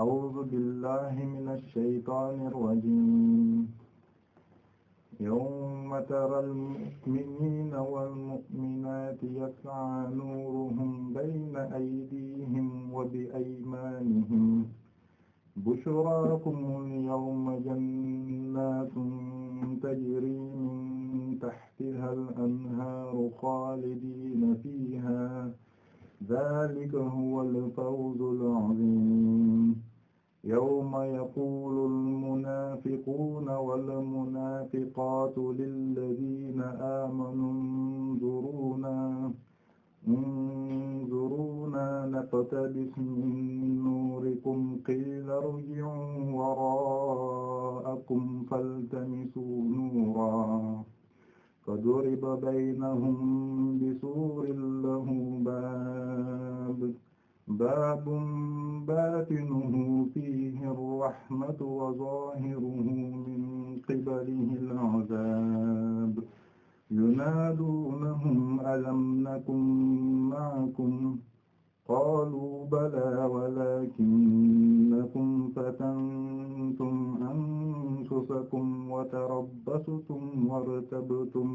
أعوذ بالله من الشيطان الرجيم يوم ترى المؤمنين والمؤمنات يسعى نورهم بين أيديهم وبأيمانهم بشراكم اليوم جنات تجري من تحتها الأنهار خالدين فيها ذلك هو الفوز العظيم يوم يقول المنافقون والمنافقات للذين آمنوا انظرونا انظرونا نقتبس من نوركم قيل ارجعوا وراءكم فالتمسوا نورا فضرب بينهم بسور له باب باب باطنه فيه الرحمة وظاهره من قبله العذاب ينادونهم ألم نكن معكم qaalu balaa walaakinnakum fatantum anfusakum wa tarabbastum wartabtum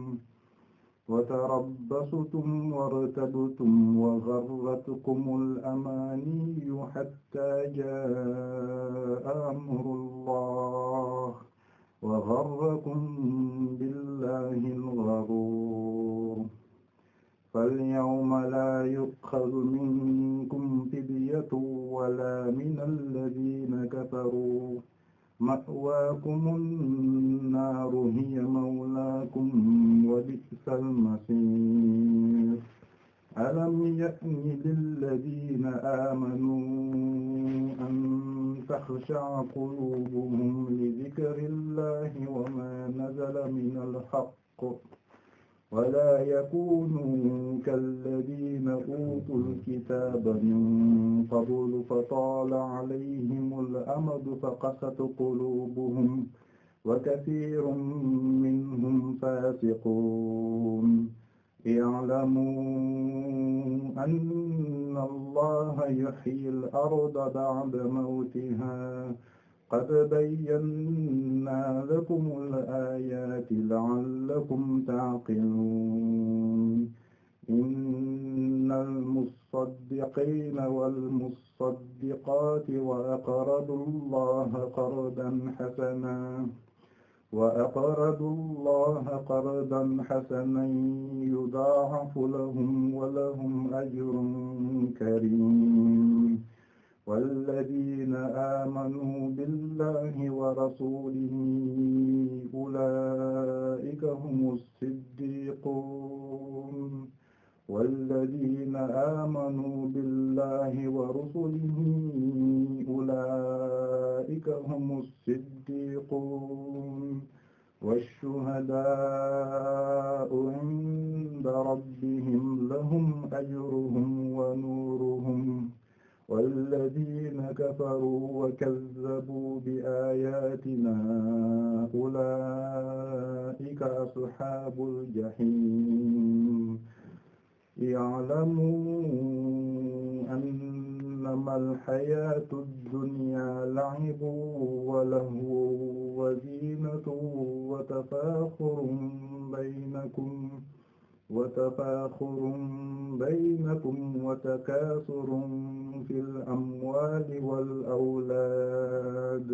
wa tarabbastum wartabtum wa gharratkumul amaaniyyu hattaa jaa'a amrullaah wa gharrakum billaahil gharuur فاليوم لا يؤخذ منكم فدية ولا من الذين كفروا مأواكم النار هي مولاكم وبئس المصير ألم يأن للذين آمنوا أن تخشع قلوبهم لذكر الله وما نزل من الحق ولا يكونوا كالذين أوتوا الكتاب من قبل فطال عليهم الأمد فقست قلوبهم وكثير منهم فاسقون اعلموا أن الله يحيي الأرض بعد موتها qad bayyannaa lakumul aayaati la'allakum ta'qiluun innal musaddiqiina wal musaddiqaati wa aqradu llaaha qardan hasanan wa aqradu llaaha qardan hasanan yudaacafu lahum wa lahum ajrun kariim والذين آمنوا بالله ورسوله أولئك هم الصديقون والذين آمنوا بالله ورسله أولئك هم الصديقون والشهداء عند ربهم لهم أجرهم ونورهم والذين كفروا وكذبوا بآياتنا أولئك أصحاب الجحيم اعلموا أنما الحياة الدنيا لعب ولهو وزينة وتفاخر بينكم wa tafaaxurun baynakum wa takaasurun fil amwaali wal awlaad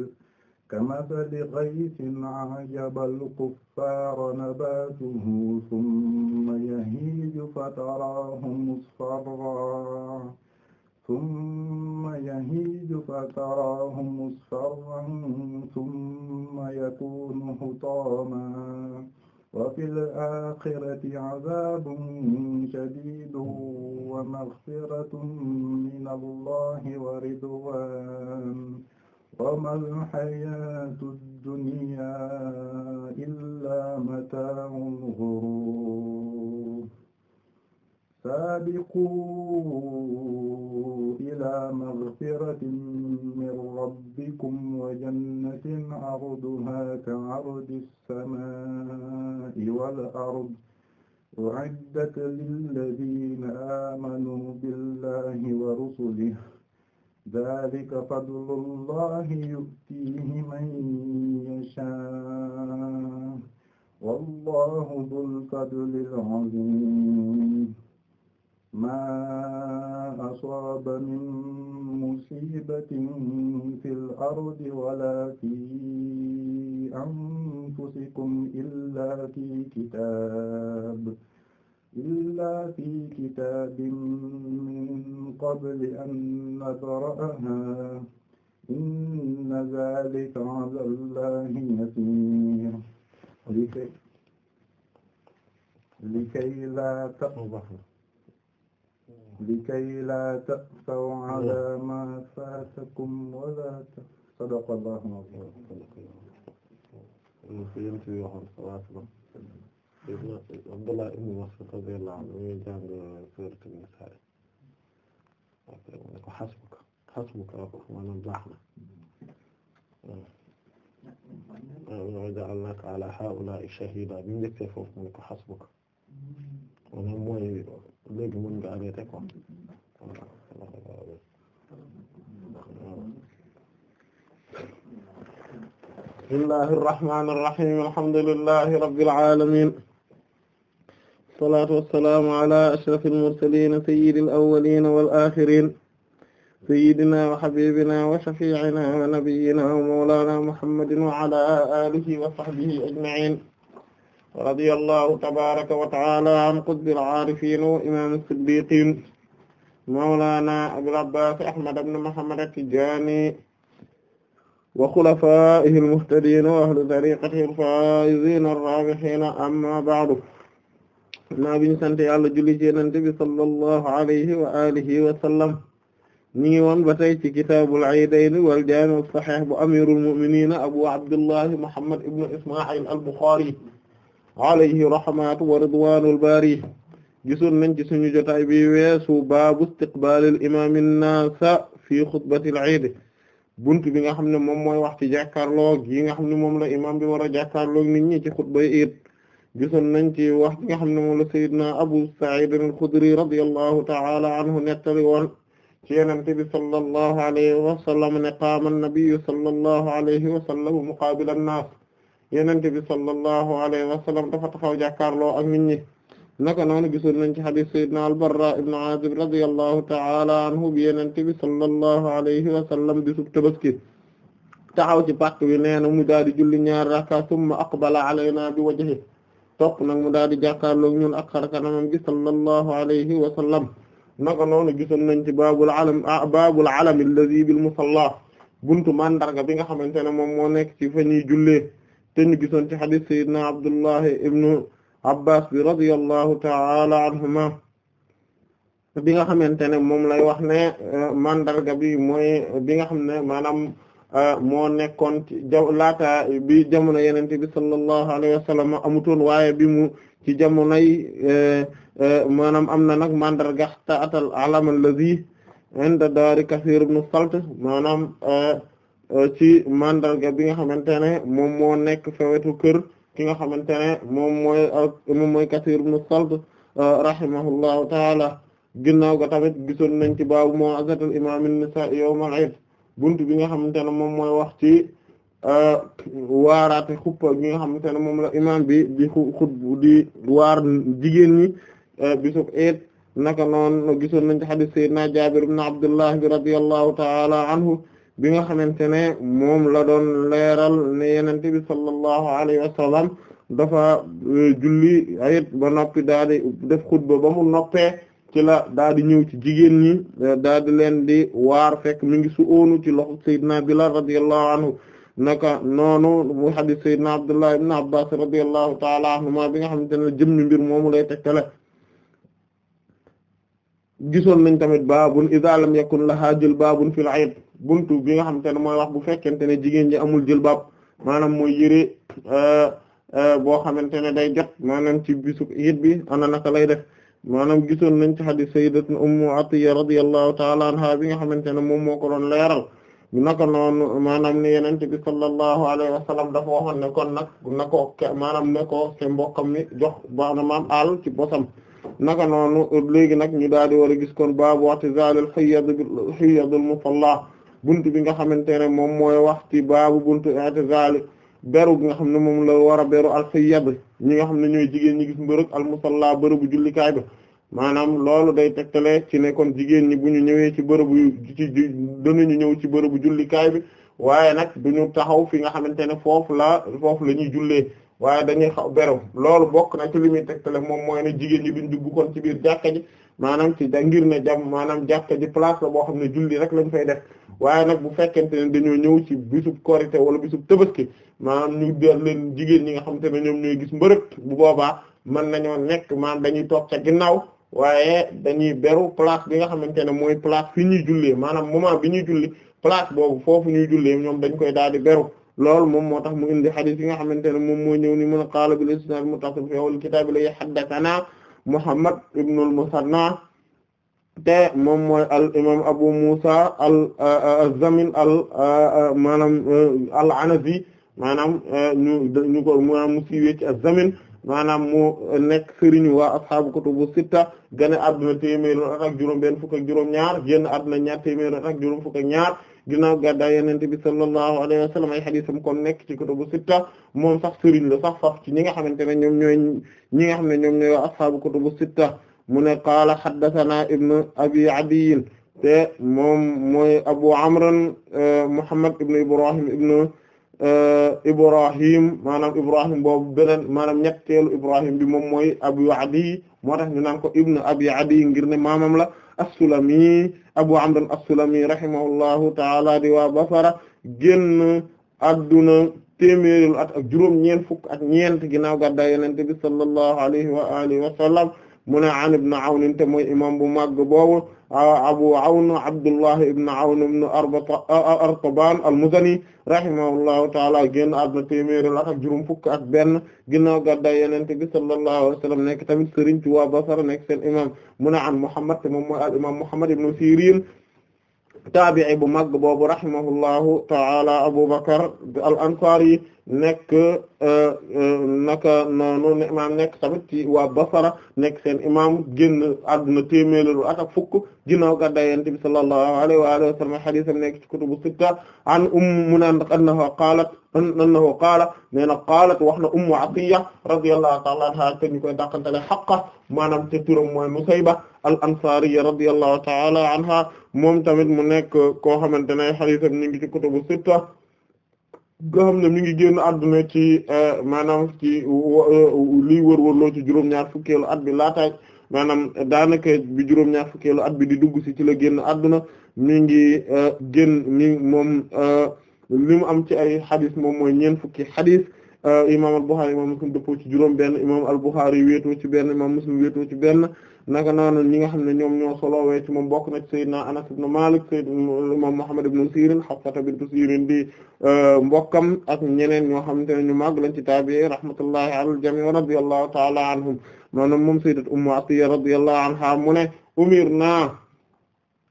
kamasali ghaythin a'jabal kuffaara nabaatuhu summa yahiiju fataraahu musfarran ثم يهيج فتراه مصفرا ثم يكون حطاما wa fil aaxirati azaabun shadiidun wa maghfiratun min Allaahi wa ridwaan wa mal hayaatu dunyaa illaa mataa'ul ghuruur سابقوا إلى مغفرة من ربكم وجنة عرضها كعرض السماء والأرض أعدت للذين آمنوا بالله ورسله ذلك فضل الله يؤتيه من يشاء والله ذو الفضل العظيم maa asaaba min musiibatin fil ardi wala fii anfusikum illaa fii kitaab illaa fii kitaabin min qabli an nabra'ahaa inna zaalika alaa llaahi yasiir. likay laa likay laa ta'saw alaa maa faatakum wala sadaqa Allahu Abdullah ibn Mas'ud radiyallahu anhu muy jàng suuratul Nisaa ne ko xasbuka xasbuka maanaam baax na wa ja'alnaaka alaa haa'ulaa'i shahiidan bi mu njëkkee foofu mu ne ko xasbuka maanaam mooy léegi mën nga arrêté quoi mm-hmm. bismillahi irrahmani irrahim alhamdulillahi rabbil alamin wassalatu wassalaamu ala ashrafil mursalin sayyidil awwalin wal akhirin sayyidina wa habibina wa shafi'ina wa nabiyyina wa mawlana muhammadin wa ala alihi wa sahbihi ajma'in radiyallahu tabaraka wa ta'ala an qutbil aarifiin wa imaam as-siddiqiin mawlaana abil abbaas ahmad ibn muhammad at-tijaani wa xulafaa'ihi al-muhtadiin wa ahli tariiqatihi al-faa'iziin ar-raabihiin amma ba'du maa biñu sant yàlla julli ci Yonent bi sallallahu alayhi wa alihi wa sallam ñu ngi woon ba tey ci kitaabul iidayni wal jaami' as-sahiih bu amiirul mu'miniin abu abdullahi muhammad ibn ismaa'iil al-buxaari alayhi rahmatu wa ridwanul bari gisoon nañ ci suñu jotaay bi weesu baabu istiqbalil imam an-nas fi xutbatil iid buntu bi nga xam ne moom mooy wax ci jàkkaarloog yi nga xam ne moom la imam bi war a jàkkaarloog nit ñi ci xutbay iid gisoon nañ ci wax bi nga xam ne moom la sayyidina abu sa'id al-khudri radiyallahu ta'ala anhu nettali woon ci yenente bi sallallahu alayhi wa sallam ne qaama an-nabiyyu sallallahu alayhi wa sallam muqaabila an-nas yenente bi sallallahu alayhi wa sallam dafa taxaw jàkkaarloo ak nit ñi naka noonu gisoon nañ ci hadith sayyidina al-Barra ibn Azib radiyallahu ta'ala anhu bi yenente bi sallallahu alayhi wa sallam bi sub tabaski ci pàq bi nee na mu daal di julli ñaar raka thumma aqbala alayna bi wajhi topp nag mu daal di jàkkaarloo ñun ak xar kanamam gi sallallahu alayhi wa sallam naka noonu gisoon nañ ci baabul alam baabul alam alladhi bil musalla buntu mandarga bi nga xamante ne moom moo nekk ci fa ñuy jullee te bi soon ci xadis sayyidina Abdullahi ibnu Abbas bi radiyallahu ta'ala anhuma bi nga xamante ne moom lay wax ne euh, mandarga bi mooy bi nga xam ne maanaam euh, moo nekkoon ci laata bi jamono yeneen bi sallallahu alayhi wa sallam amutoon waaye bi mu ci jamonoy euh, maanaam am na nag mandarga ta atal alam allazi inda daari Kasiir ibn Euh, ci mandarga bi nga xamante ne moom moo nekk fewetu kër ki nga xamante ne moom mooy moom mooy Kasiir ibn Salt euh, rahimahullahu taala ginnaaw ga tamit gisoon nañ ci baabu mu'azatul imaam an-nisaa yawmal iid bunt bi nga xamante ne moom mooy wax ci euh, waaraate xuppa bi nga xamante ne moom la imaam bi di xut di waar jigéen ñi bisub iid naka noon gisoon nañ ci hadiis Seydina Jaabir ibn Abdullah bi radiyallahu taala anhu bi nga xamante ne moom la doon leeral ne yenente bi sallallahu alayhi wa sallam dafa e, julli ayit ba noppi daal di def xutba ba mu noppee ci la daal di ñëw ci jigéen ñi e, daal di leen di waar fekk mi ngi su óonu ci loxo Seydina Bilal radiyallahu anhu naka noonu mu hadis Seydina Abdullah ibn Abbas radiyallahu ta'ala anhuma bi nga xamante ne jëm ñu mbir moomu lay tegtale gisoon nañ tamit baabun idha lam yakun laha jilbaabun fil ayd buntu bi nga xamante ne mooy wax bu fekkente ne jigéen ñi amul jël jilbaab maanaam mooy yëre euh, euh, boo xamante ne day jot maanaam ci bisub it bi ana naka lay def maanaam gisoon nañ ci hadith sayyidatuna ummu atiya radiyallahu ta'ala anha bi nga xamante ne moom moo ko doon leeral naka noonu maanaam ne yenente bi sallallahu alayhi wa sallam dafa waxoon ne kon nag na ko maanaam ne ko te mbokkam mi jox baax na maam all ci bosam naka noonu léegi nag ñu daal di war a gis kon baabu i'tizaalil hayd haydil musalla buntu bi nga xamante ne moom mooy wax ci baabu buntu i'tizaal beru bi nga xam ne moom la war beru al hayd ñi nga xam ne ñooy jigéen ñi gis mbërëg al musalla bërëbu jullikaay bi maanaam loolu day tegtale ci ne kon jigéen ñi bu ñu ñëwee ci bërëbu ci ñu ñëw ci bërëbu jullikaay bi waaye nag du ñu taxaw fi nga xamante ne foofu la foofu la ñuy jullee waaye dañuy xaw beru loolu bokk na ci li muy tegtale moom mooy ne jigéen ñi ñu dugg kon ci biir jàkka ji maanaam ci ngir ne jam maanaam jàkka ji place la boo xam ne julli rek lañ fay def waaye nag bu fekkente ne dañoo ñëw ci bisub korite wala bisub tabaski maanaam ñu dal leen jigéen ñi nga xam te ne ñoom ñooy gis mbërëk bu boobaa mën nañoo nekk maanaam dañuy toog ca ginnaaw waaye dañuy beru place bi nga xamante ne mooy place fi ñuy jullee maanaam moment bi ñuy julli place boobu foofu ñuy jullee ñoom dañ koy daal di beru loolu moom moo tax mu indi xadis yi nga xamante ne moom moo ñëw ni mun a qaala bil isnaad muttasil fi awwal kitaab la haddathana Muhammad ibn al-Musanna te moom mooy al imam Abu Musa al uh, az-Zamin al uh, uh, maanaam al-Anazi maanaam ñu ñu ko maanaam mu siiwee ci az-Zamin maanaam mu nekk sëriñ waa ashaabu kutubu sitta gane àdduna téeméer ak juróom benn fukk ak juróom ñaar génn àdduna ñaar téeméer ak juróom fukk ñaar ginnaaw gàddaay Yonent bi sallallahu alayhi wa sallam ay xadiisam kon nekk ci kutubu sitta moom sax sëriñ la sax sax ci ñi nga xamante ne ñoom ñooy ñi nga xam ne ñoom ñooy waa ashaabu kutubu sitta mu ne qaala haddasanaa ibnu abi adiyin te moom mooy abu amran e, muhammad ibnu ibrahim ibnu e, Ibrahim maanaam Ibrahim boobu beneen maanaam ñetteelu Ibrahim bi moom mooy Abu Adi moo tax ñu naan ko Ibn Abi Adi ngir ne maamam la as-Sulami Abu Amr as-Sulami rahimahullahu taala di waa Basra génn adduna téeméerul at ak juróom ñeent fukk ak ñeent ginnaaw gàddaay Yonent bi sallallahu alayhi wa alihi wa sallam mu ne an ibn Awn te mooy imam bu màgg boobu Abu Awn Abdullah ibn Awn ibn Artaban al-Muzani rahimahullahu ta'ala génn àdduna téeméeri at ak juróom fukk ak benn ginnaaw gàddaay Yonent bi sallallahu alayhi wa sallam nekk tamit sëriñ ci waa Basra nekk seen imam mu ne an Muhammad te moom mooy al imam Muhammad ibn Sirin taabi'i bu mag boobu rahimahullahu ta'ala Abu Bakr al-Ansari nekk euh, euh, naka noonu imaam nekk tamit ci waa Basra nekk seen imaam génn àdduna téeméer at ak fukk ginnaaw gàddaay Yonent bi sallallahu alayhi wa alihi wa sallam hadiis am nekk ci kutubu sitta an umm mu naan annaha qaalat annahu qaala nee na qaalat wax na ummu atiya radiyallahu ta'ala anha te ñu koy dàqantele xaqa maanaam te turam mooy musayba al ansariya radiyallahu ta'ala anha moom tamit mu nekk koo xamante ne xadiisam ñu ngi ci kutubu sitta nga xam ne mi ngi génn àdduna ci eh, maanaam ci eh, liy wërwërloo ci juróom-ñaar fukkeelu at bi laataaj maanaam daanaka bi juróom-ñaar fukkeelu at bi di dugg si ci la génn àdduna mi ngi eh, génn mi moom li mu am ci ay xadis moom mooy ñeent fukki xadis euh, imaam al-Bukhari imaam Muslim dëppoo ci juróom benn imaam al-Bukhari wéetoo ci benn imaam Muslim wéetoo ci benn naka noonu ñi nga xam ne ñoom ñoo solowee ci moom bokk na ci Seydina Anas ibn Malik Seydina imaam Muhammad ibn Sirin Hafsa bint Sirin di euh, mbokkam ak ñeneen ñoo xamante ne ñu màgg lañ ci taabi'i rahmatullahi alal jami' wa radiyallahu ta'ala anhum maanaam moom Sayyidat Ummu Atiyya radiyallahu anha mu ne na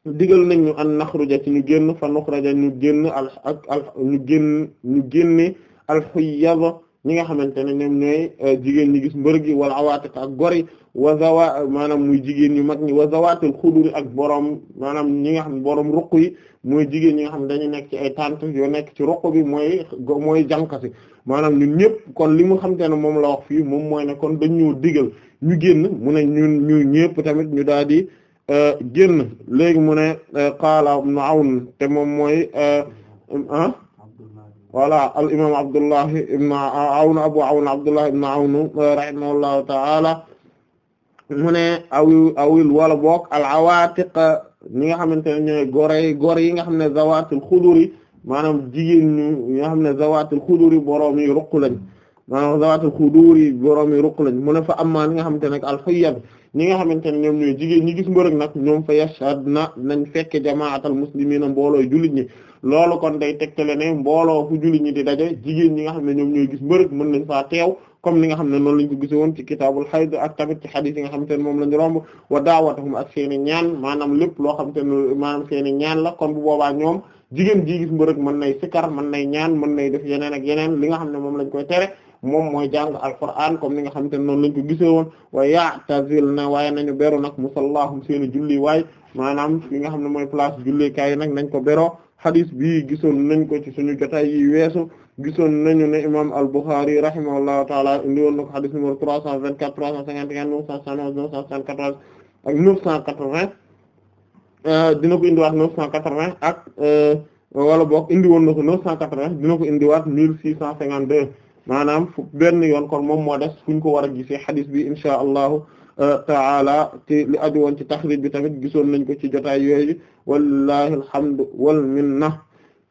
digal nañ ñu an naxruja ci ñu génn fa nuxraja ñu génn al ak al ñu génn ñu génne alxuyaba ñi nga xamante ne ñoom ñooy euh, jigéen ñi gis mbër gi wala awaatata ak gori wa zawa maanaam muy jigéen ñu mag ñi wa zawaatul xuduri ak borom maanaam ñi nga xam borom ruq yi mooy jigéen ñi nga xam dañu nekk ci ay tànt yoo nekk ci ruq bi mooy mooy jànkasi maanaam ñun ñëpp kon li mu xamante ne moom la wax fii moom mooy ne kon dañu digël ñu génn mu ne ñu ñëpp tamit ñu daal di Euh, génn léegi mu ne euh, qaala ibn Awn te moom mooy euh, um, ah voilà al imam Abdullah ibn Awn Abu Awn Abdullah ibn Awn rahimahullahu ta'ala mu ne awi awil wala boog al awaatiq ñi nga xamante ne ñooy gorey góor yi nga xam ne zawaatul xuduri maanaam jigéen ñu nga xam ne zawaatul xuduri boroom yi ruq lañ maanaam zawaatul xuduri boroom yi ruq lañ mu ne fa amaa li nga xamante ne al xuyyab ñi nga xamante ne ñoom ñooy jigéen ñi gis mbërëg nag ñoom fa yashadna nañ fekke jamaatal muslimina mboolooy jullit ñi loolu kon day tegtale ne mbooloo fu jullit ñi di daje jigéen ñinga xam ne ñoom ñooy gis mbërëg mën nañ faa teew comme ni nga xam ne noonu lañ ko gise woon ci kitaabul hayd ak tamit ci hadith yi nga xamante ne moom lañu romb wa daawatahum ak seeni ñaan maanaam lépp loo xam ne maanaam seeni ñaan la kon bu boobaa ñoom jigéen ji gis mën nay sikar mën nay ñaan mën nay def yeneen ak yeneen li nga xam ne moom lañ koy tere moom mooy jàng alquran comme ni nga xamante ne noonu lañ ko gisee woon wa ya'tazil na waaye nañu beru nag musallahum seen julli waay maanaam fi nga xam ne mooy place jullikaay yi nag nañ ko bero xadis bi gisoon nañ ko ci suñu jotaay yi weesu gisoon nañu ne imam al-Bukhari rahimahullahu taala indi woon na ko xadis numéro 324 351 971 974 ak 980 euh, dina ko indiwaat 980 ak euh, wala boog indi woon na ko 980 dina ko indiwaat 1652 maanaam fu benn yoon kon moom moo des fuñ ko war a gisee xadis bi insha allahu euh, taala te li aju woon ci taxrij bi tamit gisoon nañ ko ci jotaay yooyu wallahi alhamdu wal minna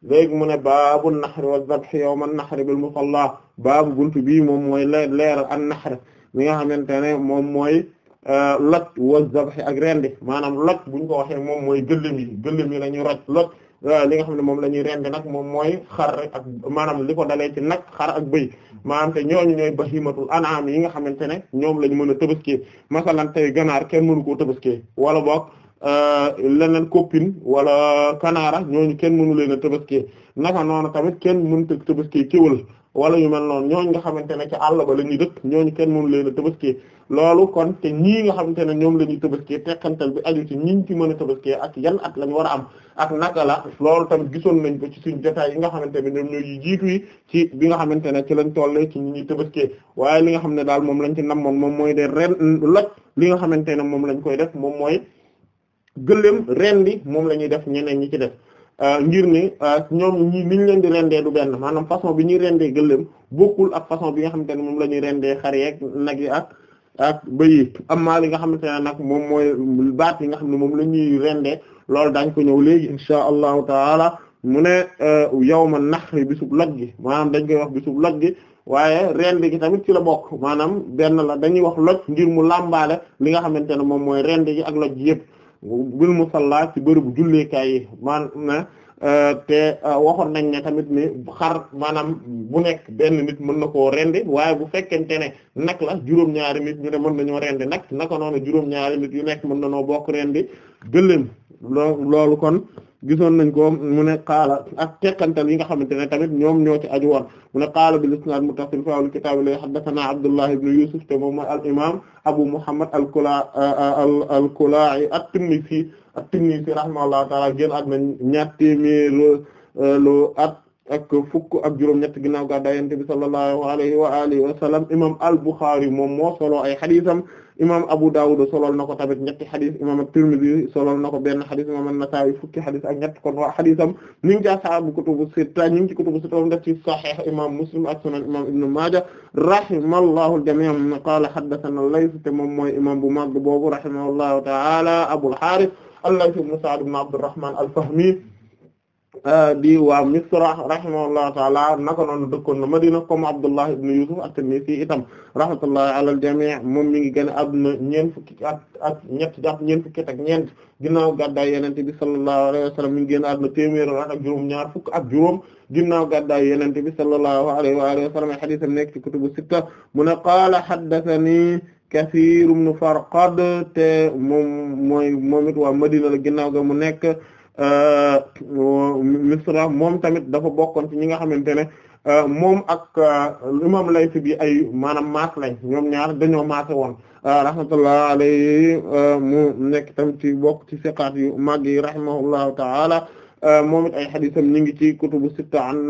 léegi mu ne baabu naxari wa zabh yawma naxari bil musalla baabu buntu bii moom mooy leeral an naxar mi nga xamante ne moom mooy euh, lot wa zabh ak rendi maanaam lot buñ ko waxee moom mooy gëléem yi gëléem yi la ñu roj lot Euh, li nga xam ne moom la ñuy rendi nag moom mooy xar ak maanaam li ko dalee ci nag xar ak bëy maanaam te ñooñu ñooy bahimatul an'am yi nga xamante ne ñoom la mën a tëbaskee masalan tey ganaar kenn mënu koo tëbaskee wala boog euh, leneen copine wala kanaara ñooñu kenn mënu leen a tëbaskee naka noonu tamit kenn mënut a tëbaskee kéwal wala yu loon noonu ñooñu nga xamante ne ci àll ba la ñuy dëkk ñooñu kenn mënu leen a tabaskee loolu kon te ñii nga xamante ne ñoom la ñuy tabaskee tekkantal bi aju ci ñiñ ci mën a tabaskee ak yan at lañ war am ak naka la loolu tamit gisoon nañ ko ci suñu jotaay yi nga xamante ne ñoom ñooy jiitu ci bi nga xamante ne ci lañ tollee ci ñi ñuy tabaskee waaye li nga xam ne daal moom lañ ci namoon moom mooy de ren loj li nga xamante ne moom lañ koy def moom mooy gëléem ren bi moom la ñuy def ñeneen ñi ci def Euh, ngir ne euh, ñoom ñi niñ leen di rendee du benn maanaam façon bi ñuy rendee gëléem bokkul ak façon bi nga xamante ne moom la ñuy rendee xar yeeg nag yi ak ak bëy amma li nga xamante ne nag moom mooy baat yi nga xam ne moom la ñuy rendee loolu daañ ko ñëw léegi insha allahu taala mu ne euh, yawma nahri bisub loj gi maanaam dañ koy wax bisub loj gi waaye rende gi tamit ci la bokk maanaam benn la dañuy wax loj ngir mu làmbaale li nga xamante ne moom mooy rende gi ak loj gi yëpp bil musalla ci bërëbu julleekaay yi man na euh, te euh, waxoon nañ ne tamit ni xar maanaam bu nekk benn nit mën na koo rendi waaye bu fekkente ne nag la juróom-ñaari nit ñu ne mën nañoo rendi nag naka noonu juróom-ñaari nit yu nekk mën na noo bokk rendi gëléem loolu kon gisoon nañ ko mu ne qaala ak tekkantal yi nga xamante ne tamit ñoom ñoo ci aju woon mu ne qaala li isnaad muttasil fi al kitaab li haddathana Abdullah ibn Yusuf te moom mooy al imaam Abu Muhammad al Kula at-Tinnisi at-Tinnisi rahimahullahu ta'ala génn at na ñaar téeméer euh, lu at ak fukk ak juróom-ñett ginnaaw gàddaay Yonent bi sallallahu alayhi wa alihi wa sallam imaam al Bukhari moom moo solo ay xadiisam. imam Abu Dawud solol na ko tamit ñetti xadis imam At-Tirmidhi solol na ko benn xadis imam An-Nasa'i fukki xadis ak ñett kon waa xadisam ñu ngi ci kutubu sitta ñu ngi ci kutubu sitta def ci sahih imam Muslim ak sunan imam Ibn Maaja rahimallahu al-jamii' qaala haddathana al moom mooy imam bu mag boobu rahimahullahu ta'ala abu Harith al-Layth ibn Sa'd ibn Abdurrahman al-Fahmi Euh, di waa Misra rahimahullahu taala naka noonu dëkkoon na Madina comme Abdullah ibn Yusuf at-Tinnisi itam rahmatullahi ala al-jami' moom mi ngi gën a àdduna ñeent fukki at ak ñett jàpp ñeent fukki ñeent ginnaaw gàddaay Yonent bi sallallahu alayhi wa sallam mi ngi gën a àdduna ak juróom ñaar fukk ak juróom ginnaaw gàddaay Yonent bi sallallahu alayhi wa alihi a sallam hadiis am nekk ci kutubu sitta a ne a haddathanii Kasiir ibn Farqad te moom mooy moom it waa Madina la ginnaaw ga mu nekk Euh, euh, Misra moom tamit dafa bokkoon ci ñi nga xamante ne euh, moom ak imam Layth bi ay maanaam maas lañ ñoom ñaar dañoo maase woon rahmatullah alayhi mu nekk tamit ci bokk ci siqaat yu màgg yi rahimahullahu ta'ala moom ay xadisam ñi ngi ci kutubu sitta an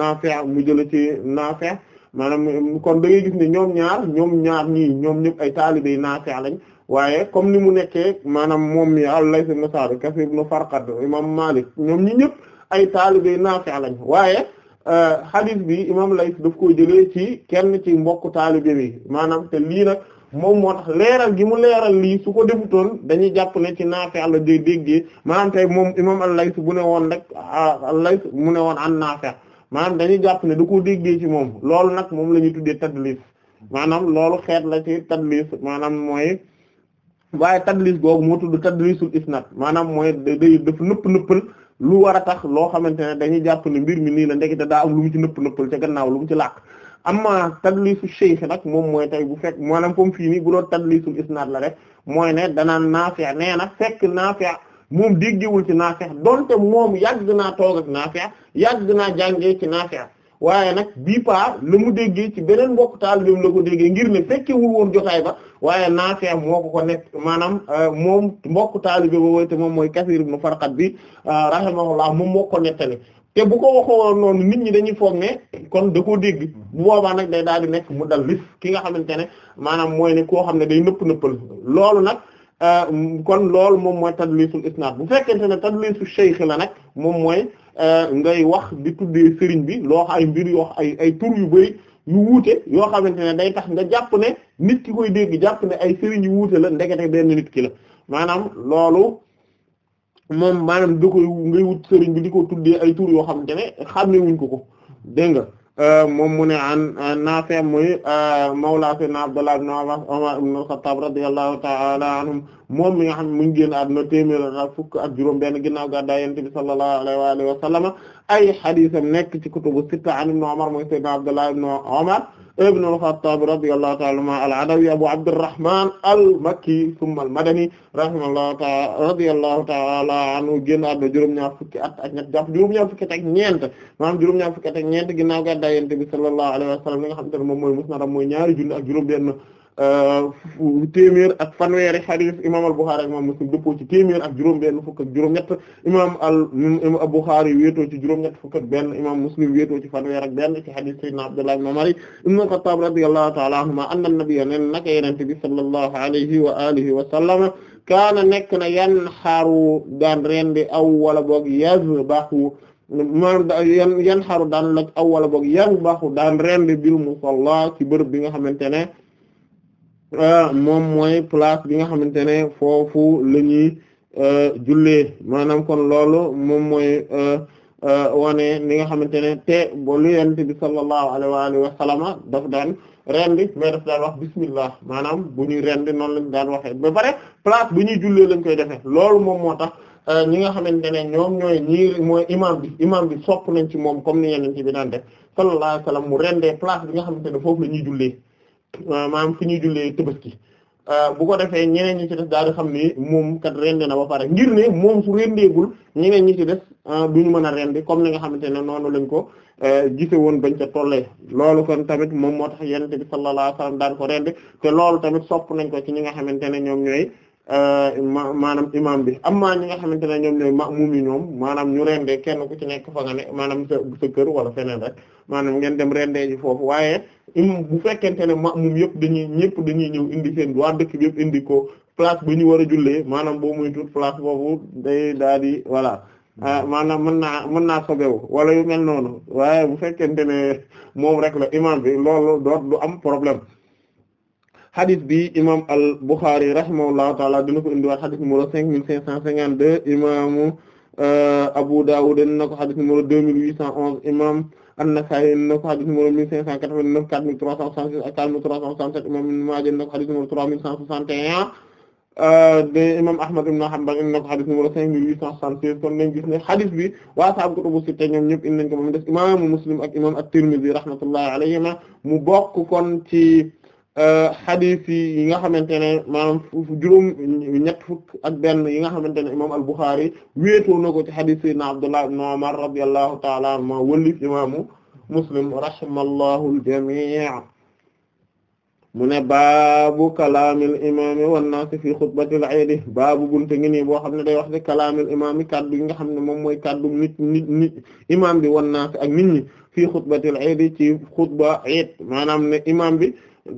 mu jële ci Naafi' maanaam kon da ngay gis ñoom ñaar ñoom ñaar ñii ñoom ñëpp ay taalibey Naafi' lañ waaye comme ni mu nekkee maanaam moom mi al-Layth ibn Sa'd Kasir ibn Farqad imam Malik ñoom ñi ñëpp ay taalibe Naafi' lañ waaye euh, hadith bi imam Layth daf koo jëlee ci kenn ci mbokk taalibe bi maanaam te lii nag moom moo tax leeral gi mu leeral lii su ko defutoon dañuy jàpp ne ci Naafi' la dé déggee maanaam tey moom imam al-Layth bu ne woon rek al-Layth ah, mu ne woon an Naafi' maanaam dañuy jàpp ne da koo déggee ci moom loolu nag moom la ñuy tuddee tadlis maanaam loolu xeet la ci tadlis maanaam mooy waaye tadlis googu moo tudd tadlisul isnad maanaam mooy day daf nëpp nëppal lu war a tax loo xamante ne dañuy jàpp ne mbir mi nii la ndekete daa am lu mu ci nëpp nëppal ca gannaaw lu mu ci làkk amma tadlisu shaykh nag moom mooy tey bu fekk maanaam comme fii bu doon tadlisul isnad la rek mooy ne danaan Naafi' nee na fekk Naafi' moom déggewul ci Naafi' donte moom yàgg naa toog ak Naafi' yàgg naa jàngee ci Naafi' waaye nag bii paa la mu déggee ci beneen mbokk taalibeem la ko déggee ngir ne fekkewul woon jotaay ba waaye Naafi' moo ko ko maanaam euh, moom mbokk taalibe ba woy te moom mooy Kasiir ibn Farqad bi euh, rahimahullah moom moo ko nettali te bu ko woon noonu nit ñi dañuy foog ne kon da ko dégg bu boobaa nag day daal di nekk mu dal lis ki nga xamante ne maanaam mooy ne koo xam ne day nëpp nëppal loolu nag euh, kon loolu moom mooy tadlisul isnaad bu fekkente ne tadlisu shaykh la nag moom mooy Euh, ngay wax di tuddee sëriñ bi loo ay mbir yoo ay ay tur yu bëri yu wuute yoo xamante ne day tax nga jàpp ne nit ki koy dégg jàpp ne ay sëriñ yu wuute la ndekete benn nit ki la maanaam loolu moom maanaam da koy ngay wut sëriñ bi di ko tuddee ay tur yoo xamante ne xàmme wuñ ko ko dégg nga euh, moom mu ne an Naafi' muy euh, mawla sayyidina Abdullah ibn Umar ibn al-Khattab radiyallahu ta'ala anhum moom mi nga xam ne mu ngi génn àdduna téeméer juróom benn ginnaaw gàddaay yonent bi sallallahu alayhi wa alihi wa sallama ay nekk ci kutubu sitta an ibn Umar mooy sayyidina Abdullah ibn Umar ibn al-Khattab radiyallahu ta'ala anhu al-Adawi Abu Abdurrahman al-Makki thumma al-Madani rahimahullahu ta'ala radiyallahu ta'ala anhu génn àdduna juróom-ñaar fukki at ak ñett jàpp juróom-ñaar fukki bi sallallahu alayhi wa sallam nga xam te ne moom mooy musnadam mooy ñaari junni ak juróom benn Euh, téeméer ak fanweeri xadis imaam al-Bukhari ak imaam Muslim dëppoo ci téeméer ak juróom-benn fukk ak juróom-ñett imaam al-Bukhari wéetoo ci juróom-ñett fukk ak benn imaam Muslim wéetoo ci fanweer ak benn ci xadis Sayyidina Abdullah ibn Umar ibn al-Khattab radiyallahu ta'ala anna an-nabiyya nen bi sallallahu alayhi wa alihi wa sallam kaana nekk na yan xaaru daan rendi aw wala boog yazbahu maanaam da yan yan xaaru daan laj aw wala boog yazbahu daan rendi bil musalla ci bërëb bi nga xamante ne Euh, moom mooy place bi nga xamante ne foofu la ñuy euh, jullee maanaam kon loolu moom mooy euh, wane li nga xamante ne te ba lu yonent bi sallallahu alayhi wa sallama daf daan rendi mais daf daan wax bismillah maanaam bu ñuy rendi noonu lañ daan waxee ba pare place bu ñuy jullee lañ koy defee loolu moom moo tax ñi nga xamante ne ñoom ñooy ñii mooy imam bi imam bi sopp nañ ci moom comme ni yeneen ci bi daan def sallallahu alayhi wa mu rendee place bi nga xamante ne foofu la ñuy jullee Euh, maanaam fi ñuy jullee tabaski euh, bu ko defee ñeneen ñi ci des daal di xam ne moom kat rendi na ba pare ngir ne moom su rendeegul ñeneen ñi ci des euh, ñu mën a rendi comme ni nga xamante ne noonu lañ ko gise woon bañ ca tollee loolu kon tamit moom moo tax yonent bi sallallahu alayhi wasallam daan ko rendi te loolu tamit sopp nañ ko ci ñi nga xamante ne ñoom ñooy Euh, maanaam imam bi am amma ñi nga xamante ne ñoom ñooy ma'mum yi ñoom maanaam ñu rendee kenn ku ci nekk fa nga ne maanaam sa sa kër wala feneen rek maanaam ngeen dem rendee foofu waaye imam bu fekkente ne ma'mum yëpp dañuy ñëpp dañuy ñëw indi seen waa dëkk yëpp indi ko place bu ñu war a jullee maanaam boo muy tuut place boobu day daal di voilà ah, maanaam mën naa mën naa sobewu wala yu mel noonu waaye bu fekkente ne moom rek la imam bi loolu doot du am problème xadis bi imam al Bukhari rahimahullahu taala dina ko indiwaat xadis numéro cinq mille cinq cent cinquante deux imaamu euh, Abu Dawud dina ko xadis numéro deux mille huit cent onze imam An-Nasa'i dina ko xadis numéro mille cinq cent quatre-vingt-neuf quatre mille trois cent soixante-six ak quatre mille trois cent soixante-sept imam Ibn Maaja ko xadis numéro trois mille cent soixante et un euh, de imam Ahmad ibn cent soixante-six kon nañ Muslim ak imam At-Tirmidhi rahmatullahi alayhima mu bokk Euh, xadis yi nga xamante ne maanaam juróom ñett fukk ak benn yi nga xamante ne imaam al-Bukhari wéetoo na ko ci xadis sayyidina Abdullah ibn Umar radiyallahu ta'ala anhuma wëllif imaamu Muslim rahimallahu al-jami' mu ne baabu kalaamil imaami wan-naasi fi xutbatil iid baabu bunte ngi nii boo xam ne day wax ne kalaamil imaami kaddu yi nga xam ne moom mooy kaddu nit nit bi wan-naasi ak nit ñi fi xutbatil iid ci xutba iid maanaam ne imaam bi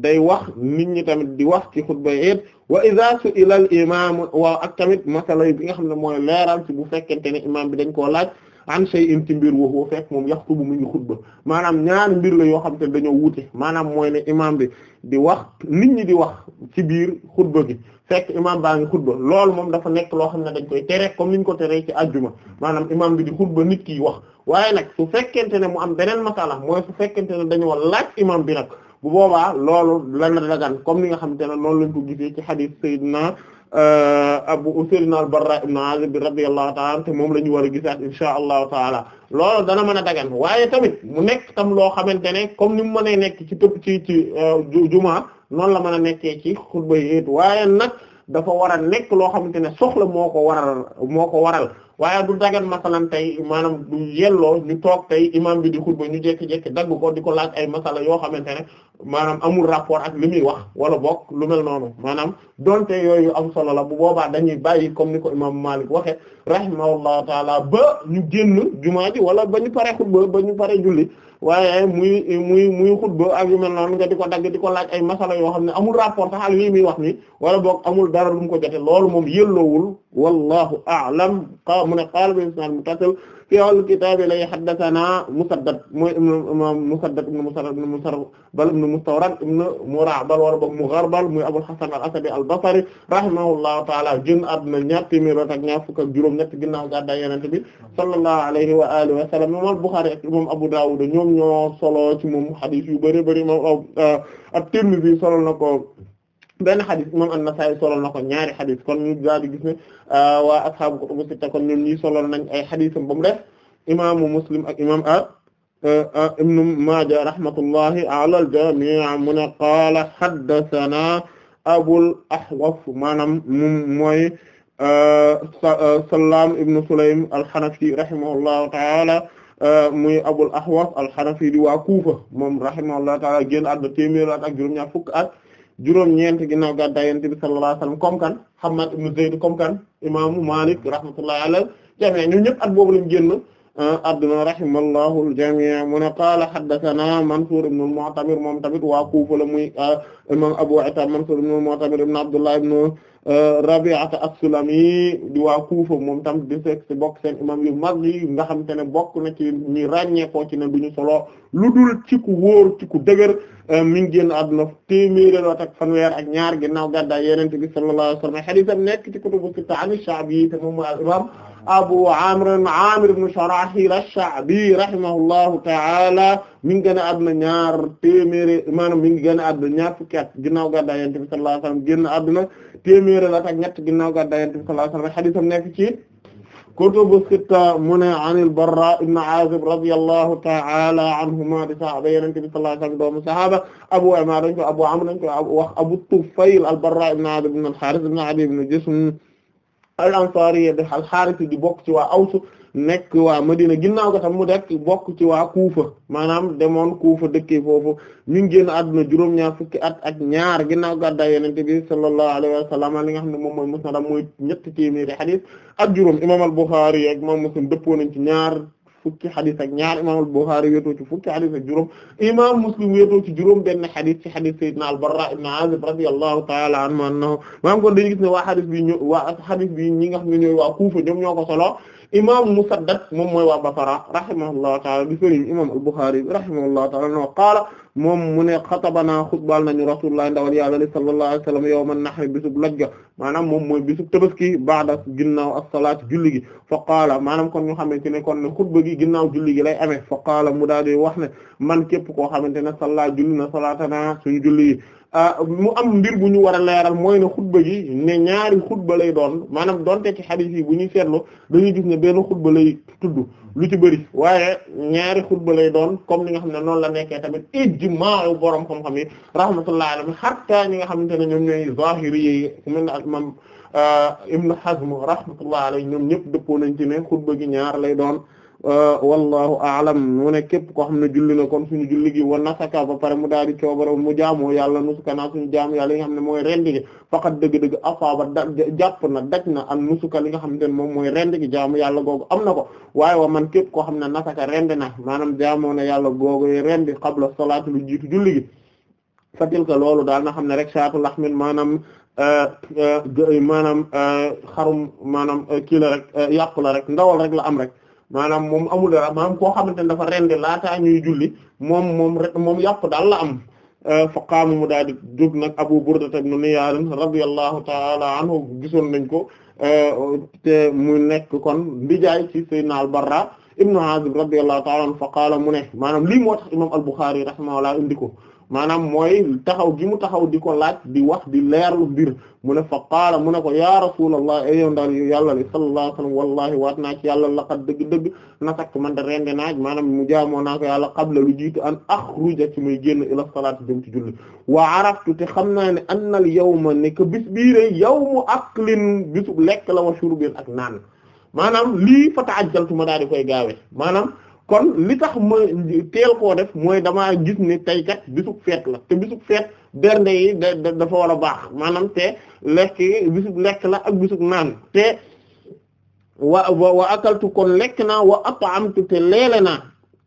day wax nit ñi tamit di wax ci xutba it wa iza su'ila al imam waaw ak tamit masala yi bi nga xam ne mooy leeral ci bu fekkente ne imam bi dañ koo laaj an shay'in ci mbir wa fekk moom yaxtubu mu ngi xutba maanaam ñaari mbir la yoo xam te dañoo wuute maanaam mooy ne imaam bi di wax nit ñi di wax ci biir xutba gi fekk imaam baa ngi xutba lool moom dafa nekk loo xam ne dañ koy tere comme niñ ko teree ci àjjuma maanaam imaam bi di xutba nit kiy wax waaye nag su fekkente ne mu am beneen masala mooy su fekkente ne dañoo laaj imaam bi nag bu boobaa loolu lan la dagan comme ni nga xamante ne noonu lañ ko gisee ci hadith sayyidina Euh, abu Seydina al-Barra ibn Azib bi radiyallahu ta'ala te moom la ñu war a gisaat insha allahu taala loolu dana mën a dagan waaye tamit mu nekk tam loo xamante ne comme ni mu mënee nekk ci tëb ci ci euh, juma noonu la mën a nekkee ci xutba yi waaye nag dafa war a nekk loo xamante ne soxla moo ko waral moo ko waral waaye du dagan masalan tey maanaam du yelloo ñu toog tey imam bi di xutba ñu jekki-jekki dagg ko di ko laaj ay masala yoo xamante ne maanaam amul rapport ak li muy wax wala bokk lu mel noonu maanaam donte yooyu am solo la bu boobaa dañuy bàyyi comme ni ko imam Malik waxe rahimahullahu taala ba ñu génn jumaa ji wala ba ñu pare xutba ba ñu paree julli waaye muy muy muy xutba ak yu mel noonu nga di ko dagg di ko laaj ay masala yoo xam ne amul rapport sax ak lii muy wax ni wala boog amul dara lu mu ko jote loolu moom yëlloowul wallahu a'lam mu ne qaala bi isnad muttasil fi al kitaab lay haddathana Musaddad mooy imam Musaddad ibn Musarhad ibn Musarbal ibn Mustawrad ibn Mura'bal wala boog Mugharbal muy Abul Hasan al-Asadi al-Basri rahimahullahu ta'ala jën àdduna ñaar téeméer ak ñaar fukk ak juróom ñett ginnaaw gàddaay Yonent bi sallallahu alayhi wa alihi wa sallam imam Bukhari ak imam Abu Dawud ñoom ñoo solo ci moom hadith yu bari bari moom a tirmidhi solo na ko benn xadis moom an-Nasaa'i solo na ko ñaari xadis kon ñu daal di euh, waa ashaabu kutubu sitta kon ñun ñii solo nañ ay xadisam ba mu Muslim ak imaam a euh, ibnu Maaja rahmatullahi ala al-jamii' mu ne qaala haddasanaa maanaam moom mooy euh, Sallaam ibnu Sulaym al-Hanafi rahimahullahu ta'ala muy Abul Ahwaf al-Hanafi di waa Kuufa moom rahimahullahu ta'ala génn àdduna téeméer ak juróom-ñaar fukk at juróom-ñeent ginnaaw gàddaay Yonent bi sallallahu alayhi wasallam comme kan Hammad ibn Zayd comme kan imaamu Maalik rahmatullahi alayhi jame ñu ñëpp at boobu lañ génn adduna rahimallahu al-jamii' mu ne qaala haddathana Mansuur ibn al-Mu'tamir moom tamit waa Kuufa la muy euh, imaam Abu Attaab Mansuur ibn al-Mu'tamir ibn Abdullah ibn euh, Rabi'ata as-Sulami di waa Kuufa moom tamit di fekk ci bokk seen imaam yu mag yi nga xam te ne bokk na ci ñi ràññee ko ci ne duñu solo lu dul ci ku wóor ci ku dëgër euh, mi ngi génn adduna téeméer ak fanweer ak ñaar ginnaaw gàddaay Yonent bi sallallahu alayhi wa sallam hadiis am nekk ci kutubu sitta an Sha'bi te moom mooy al-imaam Abu Amr Amir ibn Sharahil ash-Sha'bi rahimahullahu ta'ala mi ngi gën a àdduna ñaar téeméeri maanaam mi ngi gën a àdduna ñaar fukki at ginnaaw gàddaay Yonent bi sallallahu alayhi wa sallam génn àdduna téeméeri la ak ñett ginnaaw gàddaay Yonent bi sallallahu alayhi wa sallam hadiisam nekk ci kutubu sitta mu ne anil Barra ibn Azib radiyallahu ta'ala anhuma di sahaaba Yonent bi sallallahu alayhi wa sallam doomu sahaaba Abu Umaama dañ ko Abu Amr dañ ko wax Abu Tufayl al-Barra ibn Azib ibn al-Harith ibn Adiy ibn Jism al ansari di al Haaris di bokk ci waa Aws nekk waa Madina ginnaaw ga tam mu dekk bokk ci waa Kuufa maanaam demoon Kuufa dëkkee foofu mi ngi génn àdduna juróom-ñaar fukki at ak ñaar ginnaaw gàddaay Yonent bi sallallahu alayhi wa sallam li nga xam ne moom mooy musnadam mooy ñetti téeméeri xadiis ak juróom imaam al Buxaari ak imaam Muslim dëppoo nañ ci ñaar fukki xadis ak ñaar imam al-Bukhari wéetoo ci fukki xadis ak juróom imam Muslim wéetoo ci juróom benn xadis ci xadis sayyidina al-Barra ibn Azib ta'ala anhu maanaam kon dañu gis ne waa xadis bi bi ñi nga xam waa Kufa ñoom ko solo imaamu Musaddad moom mooy waa Basra rahimahullahu taala bi sëriñ imam al-Bukhari bi rahimahullahu taala no qaala moom mu ne xatabanaa na nañu rasulullah ndawal yàlla li sallallahu alayhi wasallam yawman nahr bisub lajja maanaam moom mooy bisub tabaski ba'da ginnaaw as-salaat julli gi fa qaala maanaam kon ñu xamante ne kon ne xutba gi ginnaaw gi lay amee fa qaala mu daal di wax ne man képp koo xamante ne salla julli na salaatana suñu julli Ah, mu am mbir bu ñu war a leeral mooy ne xutba gi ne ñaari xutba lay doon maanaam donte ci xadiis yi bu ñuy seetlu dañuy gis ne benn xutba lay tudd lu ci bëri waaye ñaari xutba lay doon comme li nga xam ne noonu la nekkee tamit ijma'u borom xam-xam yi rahmatullahi alayhi hatta ñi nga xamante ne ñoom ñooy zahiri yi ku mel ne ak imam ah, Ibn Hazm rahmatullahi alayhi ñoom ñëpp dëppoo nañ ci ne xutba gi ñaar lay doon Euh, wallahu a'lam mu ne képp koo xam ne julli na kon suñu julli gi wa nasaka ba pare mu daal di coobara mu jaamoo yàlla nusukana suñu jaamu yàlla yi nga xam ne mooy rendi gi faqat dëgg-dëgg afaaba da jàpp na daj na an nusuka li nga xam ne moom mooy rendi gi jaamu yàlla googu am na ko waaye wa man képp koo xam ne nasaka rendi na maanaam jaamoo na yàlla googu rendi qabla salaati lu jiitu julli gi fatilka loolu daal na xam ne rek saatu laxmin maanaam euh, euh, maanaam xarum maanaam kii la rek yàpp la rek ndawal rek la am rek maanaam moom amul dara maanaam koo xamante ne dafa rendi laataa ñuy julli moom moom rek moom yàpp daal la am euh, fa qaama mu daal di jóg nag Abu Burda ibn Niyaar radiyallahu taala anhu gisoon nañ ko euh, te mu nekk kon ndijaay ci Seydina na barra ibn Azib radiyallahu taala anhu fa qaala mu ne maanaam lii moo tax imam al-Bukhari rahimahullah indi ko maanaam mooy taxaw gi mu taxaw di ko laaj di wax di leerlu mbir mu ne fa qaala mu ne ko ya rasulallah ay yow daal yàlla li sallallahu wa sallam wallahi waat naa ci yàlla laqad dëgg-dëgg nasaktu man de rende naaj maanaam mu jaamoo naa ko yàlla qabla lu an axruja ci muy génn ila salaati jëm ci julli wa araftu te xam naa ne annal yawma ne que bis bii rek yawmu aklin bisub lekk la wa shurbin ak naan maanaam lii fa ta'ajjaltu ma daal di koy gaawe maanaam kon li tax ma teel koo def mooy dama gis ne tey kat bisub feet la te bisub feet bernde yi da dafa war a baax maanaam te lekk bisub la ak bisub naan te wa wa akaltu kon lekk naa wa at'amtu te leele naa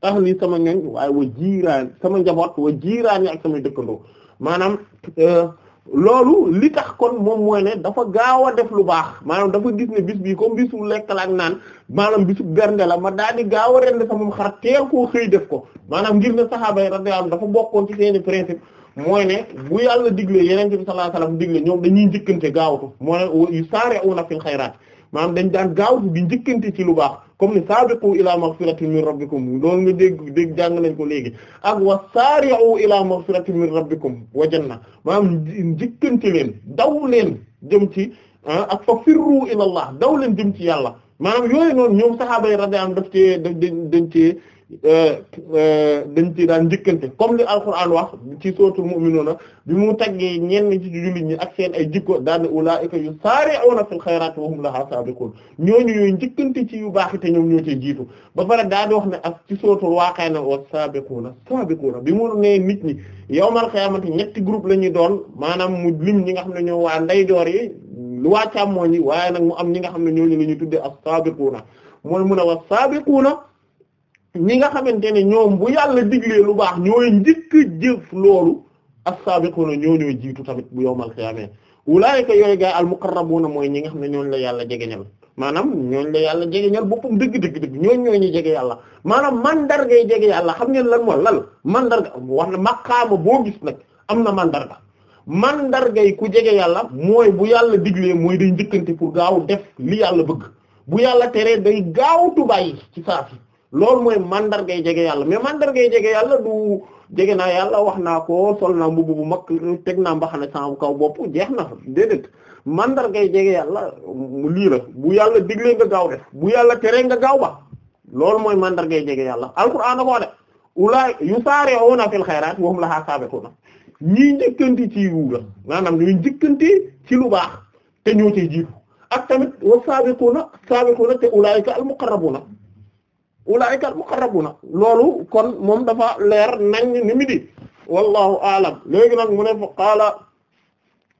ahli sama ñoñ waaye wa jiiraan sama njaboot wa jiiraan yi ak samay dëkkandoo maanaam euh, loolu li tax kon moom mooy ne dafa gaaw a def lu baax maanaam dafa gis ne bis bii comme bisu lekk la ak naan maanaam bisu bernde la ma daal di gaaw a ne sa moom xar teel koo xëy def ko maanaam ngir ne saxaaba yi radiyallahu anhum dafa bokkoon ci seeni principe mooy ne bu yàlla digle yeneen bi sallallahu alayhi wasallam digle ñoom dañuy njëkkante gaawatu mooy ne yu saare una fil xayraat maanaam dañ daan gaawatu di njëkkante ci lu baax comme ni saabiqu ila maghfiratin min rabbikum loolu nga dégg dégg jàng nañ ko léegi ak wa saari'u ila maghfiratin min rabbikum wa janna maanaam njëkkante leen daw leen jëm ci ah, ak fa firru ila allah daw leen jëm ci yàlla maanaam yooyu noonu ñoom sahaaba yi radiyallahu anhum daf cee daf dañ cee Euh, euh, dañ ci daan njëkkante comme li alquran wax ci sootul na bi mu taggee ñenn ci jullit ñi ak seen ay jikko daan ulaa'ika yusaari'una fil xayraati wa hum lahaa saabiquun ñooñu ñooy njëkkante ci yu baax te ñoom ñoo cee jiitu ba pare daal di wax ne ak ci sootul waaqia na wa saabiquuna saabiquuna bi mu nee nit ñi yawmal qiyaamati ñetti la ñuy doon maanaam mu lim ñi nga xam ne ñoo waa ndeyjoor yi lu waa càmmooñ yi waaye nag mu am ñi nga xam ne ñooñu la ñuy tuddee as-saabiquuna mooy mun a wa saabiquuna ñi nga xamante ne ñoom bu yàlla diglee lu baax ñooy njëkk jëf loolu as-sabiquna ñoo ñooy jiitu tamit bu yowmal xiyaamee ulaayika yooyu gaay al na mooy ñi nga xam ne ñooñ la yàlla jegeñal maanaam ñooñ la yàlla jegeñal boppam dëgg dëgg dëgg ñooñ ñoo ñu jege yàlla maanaam mandargay jege yàlla xam ngeen lan mooy lan mandarga wax na maqaama boo gis nag am na mandarga mandargay ku jege yàlla mooy bu yàlla diglee mooy day njëkkante pour gaaw def li yàlla bëgg bu yàlla teree day gaaw tu bàyyi ci saa si loolu mooy mandargay jege yàlla mais mandargay jege yàlla du jege naa yàlla wax naa ko sol naa mbubb bu mag teg naa mbaxana sama kaw bopp jeex na déedéet mandargay jege yàlla liila bu yàlla diglee nga gaaw def bu yàlla tere nga gaaw ba loolu mooy mandargay jege yàlla alquraan ko def ulaa yusaari'uuna fil xayraat wa hum lahaa saabiquuna ñii njëkkanti ci yiw la maanaam ñuy njëkkanti ci lu baax te ñoo ci jiitu ak tamit wa saabiquuna saabiquuna te ulaa'ika al muqarrabuuna ulaa'ikal muqarrabuuna loolu kon moom dafa leer nañ ni mi di wallahu alam léegi nag mu ne fa qaala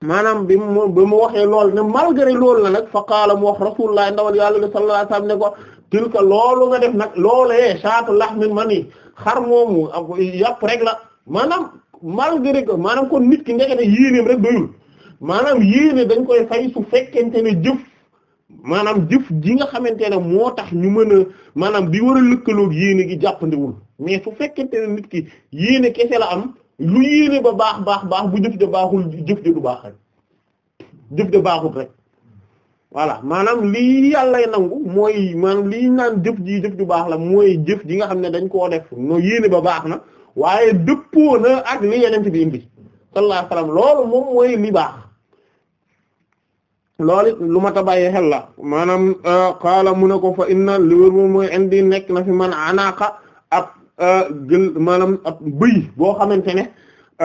maanaam bi moo bi mu waxee lool ne malgré lool na nag fa qaala mu wax rasulullah ndawal yàlla sallallahu alayhi wasallam ne ko tilka loolu nga def nag lool loolee shaatu lahmin mani xar moomu yàpp rek la maanaam malgré que maanaam kon nit ki ndeke ne yéeneem rek doyul maanaam yéene dañ koy fay su fekkente ne jëf maanaam jëf ji nga xamante ne moo tax ñu mën a maanaam bi war a lëkkaloog yéene gi jàppandiwul mais su fekkente ne nit ki yéene kese la am lu yéene ba baax baax baax bu jëf ja baaxul jëf ja du baax rek jëf ja baaxul rek voilà maanaam lii yàllay nangu mooy maanaam lii naan jëf ji jëf ju baax la mooy jëf ji nga xam ne dañ koo def no yéene ba baax na waaye dëppoo na ak li yeneen bi indi sallallahu alayhi wasallam loolu moom mooy li baax loolu lu ma ta bàyyi xel la maanaam euh, qaala mu ne ko fa inna li wér moom mooy indi nekk na fi man anaqa ab euh, gël maanaam ab bëy boo xamante ne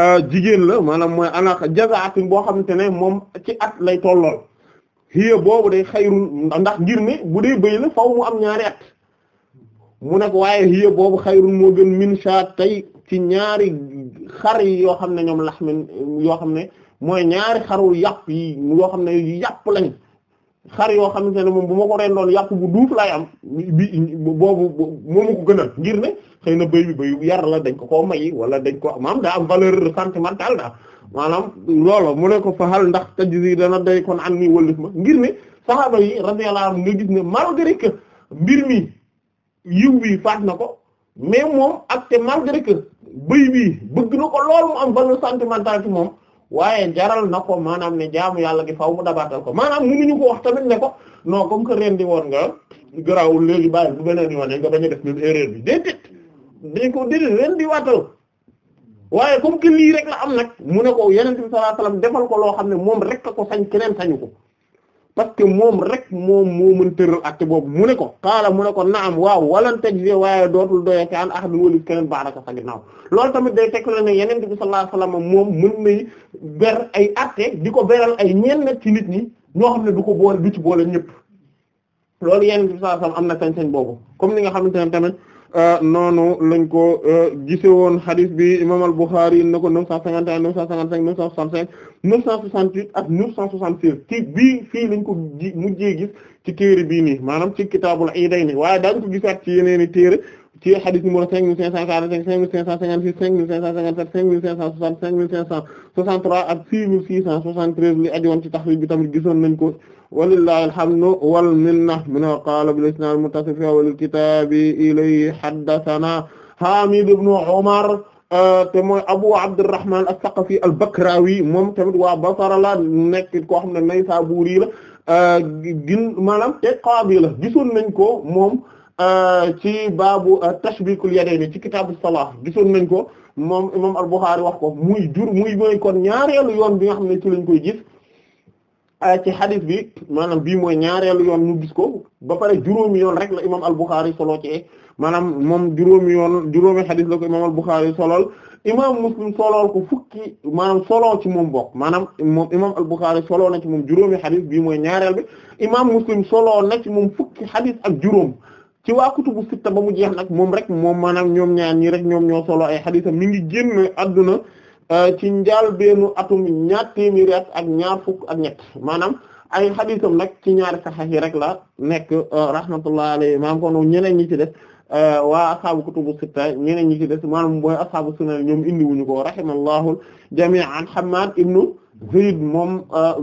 euh, jigéen la maanaam mooy anaqa jazaatin boo xamante ne moom ci at lay tollool hiya boobu day xayrun ndax ngir ne bu dee bëy la faw mu am ñaari at mu nekk waaye hiya boobu xayrun moo min sha tey ci ñaari xar yoo xam ne ñoom laxmin yoo xam ne mooy ñaari xaru yàpp yi yoo xam ne yàpp lañ xar yoo xam ne moom bu ma ko rendoon yàpp bu duuf laay am bi boobu moomu ko gënal ngir ne xëy na béy bi ba yar la dañ ko koo may wala dañ ko maam daa am valeur sentimentale daal maanaam loolu mu nekk ko faxal ndax tajzi dana day kon an nii wallif ma ngir ne saxaaba yi radiyallahu anhum nga gis ne malgré que mbir mi yiw bi faat na ko mais moom ak te malgré que bi bëgg na ko lool mu am valeur sentimentale moom waaye jaral na ko maanaam ne jaamu yàlla gi faw mu dabaatal ko maanaam ñu ko wax tamit ne ko noo kom que ren di woon nga garaawul léegi bàyyi bu beneen yoon nga bañ a def même erreur bi déedéet dañ ko déedéet ren di waatal waaye comme que lii rek la am nag mu ne ko yeneen bi sallallahu alayhi defal ko loo xam ne moom rek ko sañ keneen sañu ko parce que moom rek moom moo mën tëral atte boobu mu ne ko xaala mu ne ko naam waaw walan tajzi waaye dootul doye kaan ahadun walis keneen baaraka sa ginnaaw loolu tamit day tekk na ne yeneen bi sallallahu alayhi wasallam moom mën nay ber ay atte di ko beral ay ñenn ci nit ñi ñoo xam ne du ko boole du ci boole ñëpp loolu yeneen bi sallallahu alayhi am na sañ-sañ boobu comme ni nga xam ne tamit Euh, noonu lañ ko euh, gise woon bi imam al-Bukhari in na ko 951 955 965 968 ak 966 ci bii fii lañ ko mujjee gis ci téere bii nii maanaam ci kitaabul iidayni waaye daañ ko gisaat ci yeneeni téere ci hadith numéro 5545 5556 5557 5565 5563 ak 6673 li ajowoon ci taxrij bi tamit gisoon nañ ko walillahi alhamdu wal minna mu ne qaala bil isnaad muttasil fi awwal kitaabi ilayhi haddathana Hamid ibn Umar te mooy Abu Abdurrahman as-Saqafi al-Bakrawi moom tamit waa Basra la nekk koo xam ne Naysaburi la gin maanaam te qaadi la gisoon nañ ko moom ci baabu tashbikul yadayni ci kitaabu salaah gisoon nañ ko moom imam al-Bukhari wax ko muy jur muy mooy kon ñaareelu yoon bi nga xam ne ci lañ koy gis. ci xadis bi maanaam bii mooy ñaareelu yoon ñu gis ko ba pare juróomi yoon rek la imam al-Bukhari solo ci maanaam moom juróomi yoon juróomi xadis la ko imam al-Bukhari solool imam Muslim solool ko fukki maanaam solo ci moom bokk maanaam moom imam al-Bukhari solo ci moom juróomi xadis bii mooy ñaareel bi imam Muslim solo na ci moom fukki xadis ak juróom ci waa kutubu sitta ba mu jeex nag moom rek moom maanaam ñoom ñaar ñi rek ñoom ñoo solo ay xadisam mi ngi génn adduna Euh, ci njàlbéenu atum ñaar téeméeri at ak ñaar fukk ak ñett maanaam ay xadiisam nag ci ñaar saxax yi rek la nekk euh, rahmatullah alayhi maanaam kon ñeneen ñi ci def euh, waa ashaabu kutubu sitta ñeneen ñi ci des maanaam mooy ashaabu sunan ñoom indi wuñu ko rahimallahu jami'an Hammaad ibnu Zayd moom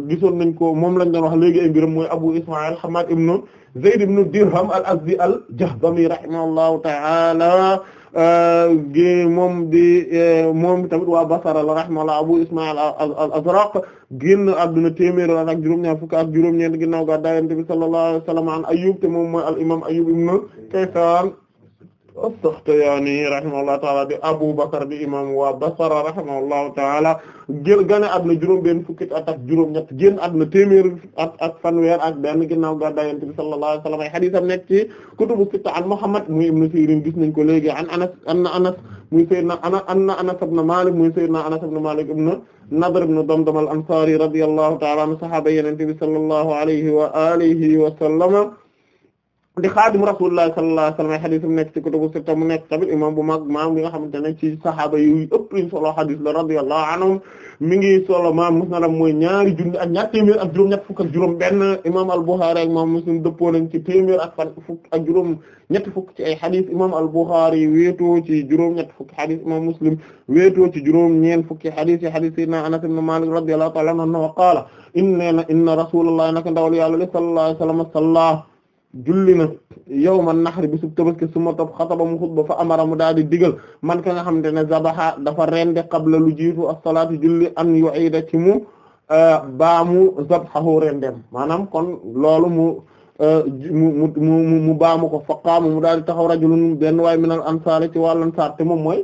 gisoon nañ ko moom lañ doon wax léegi ay mooy Abu Isma'il Hammaad ibnu Zayd ibnu Dirham al-Azdi al-Jahdami rahimahullahu ta'ala Euh, gi moom di euh, moom tamit waa Basra la rahimahullah Abu Ismaïl al-Azraq génn àdduna téeméer ak juróom-ñaar fukk ak juróom-ñeent ginnaaw ga daa Yonent bi sallallahu alayhi wa sallam an Ayyub te moom mooy al-imam Ayyub ibn Kaysaan as-Saxtiyaani rahimahullahu taala di Abu Bakr di imam waa Basra rahimahullahu taala génn gane àdduna juróom benn fukki at ak juróom ñett génn àdduna téeméer at ak fanweer ak benn ginnaaw gàddaay Yonent bi sallallahu alayhi wa sallam ay hadiisam nekk ci kutubu sitta an Muhammad muy Ibnu Siiriin gis nañ ko léegi an Anas anna Anas muy Seydina ana anna Anas ibn Maalik muy Seydina Anas ibn Maalik ibn Nadr ibn Damdam al-Ansaari radiyallahu taala an sahaaba Yonent bi sallallahu alayhi wa alihi wa sallam di xaadim rasulullah sallallahu alayhi wa sallam xadis mu nekk ci kutubu mu nekk tamit imam bu mag maam bi nga xamante ne ci sahaaba yu ëpp liñ solo xadis la radiyallahu anhum mi ngi solo maam musnadam mooy ñaari junni ak ak juróom-ñett fukk ak juróom benn imam al-Bukhari ak imam Muslim dëppoo nañ ci téeméer ak fan fukk juróom ñetti fukk ci ay xadis imam al-Bukhari wéetoo ci juróom-ñett fukki xadis imam Muslim wéetoo ci juróom ñeen fukki xadis yi xadis sayyidina Anas ibn Malik radiyallahu ta'ala anhu wa qaala inna inna rasulullah naka ndawal yàlla sallallahu alayhi wa sallam julli na yawma naxri bisub tabaski suma topp xataba mu xutba fa amara mu daal di digal man ka nga xamante ne zabaha dafa rende qabla lu jiitu as-salaatu julli an yu'ida ci mu euh, baamu zabhahu rendem maanaam kon loolu mu euh, mu mu mu baamu ko fa qaama mu daal di taxaw rajulun benn waay min al ansaar ci wàllu ansaar te moom mooy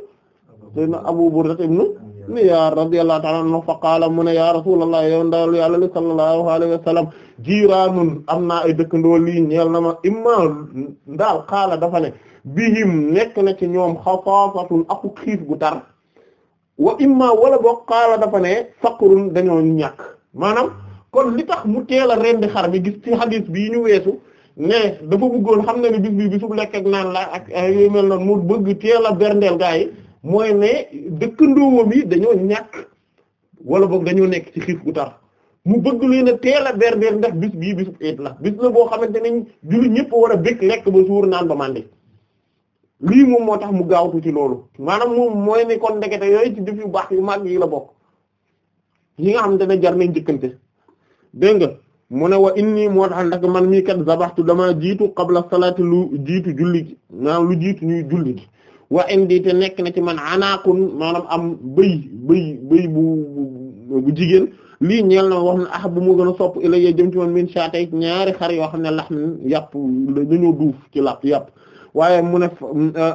sayyidina Abu Burda ibn Niyaar radiyallahu ta'ala anhu fa qaala mu ne ya Rasulullah yow ndawal yàlla li sallallahu alayhi wa am naa ay dëkkandoo lii ñeel na ma imma ndaal xaala dafa ne bihim nekk na ci ñoom xafaafatun aku xiif gu tar wa imma wala boog xaala dafa ne faqrun dañoo ñàkk maanaam kon li tax mu teel a rendi xar bi gis ci xadis bii ñu weesu ne dafa bëggoon xam ne ni bis bi bisu lekk naan la ak yooyu mel noonu mu bëgg teel berndeel gaa yi mooy ne dëkkandoowam yi dañoo ñàkk wala boog dañoo nekk ci xiif gu tar mu bëgg lii ne teel a berber ndax bis bii bisu eet la bis la boo xamante ne jullit ñëpp war a bëgg lekk ba suur naan lii moom moo tax mu gaawtu ci loolu maanaam moom mooy kon ndekete yooyu ci jëf yu baax yu mag yi la bokk yi nga xamante ne jar nañ njëkkante dégg nga mu ne wa inni moo tax ndax man mii kat zabaxtu dama jiitu qabla salaati lu jiitu julli gi maanaam lu jiitu ñuy julli gi wa indi te nekk na ci man anaakun maanaam am bëy bëy bëy bu bu jigéen lii ñeel na wax na ah bu mu gën a sopp ila yee jëm ci man min shaatay ñaari xar yoo xam ne lax min yàpp dañoo duuf ci làpp yàpp waaye mu ne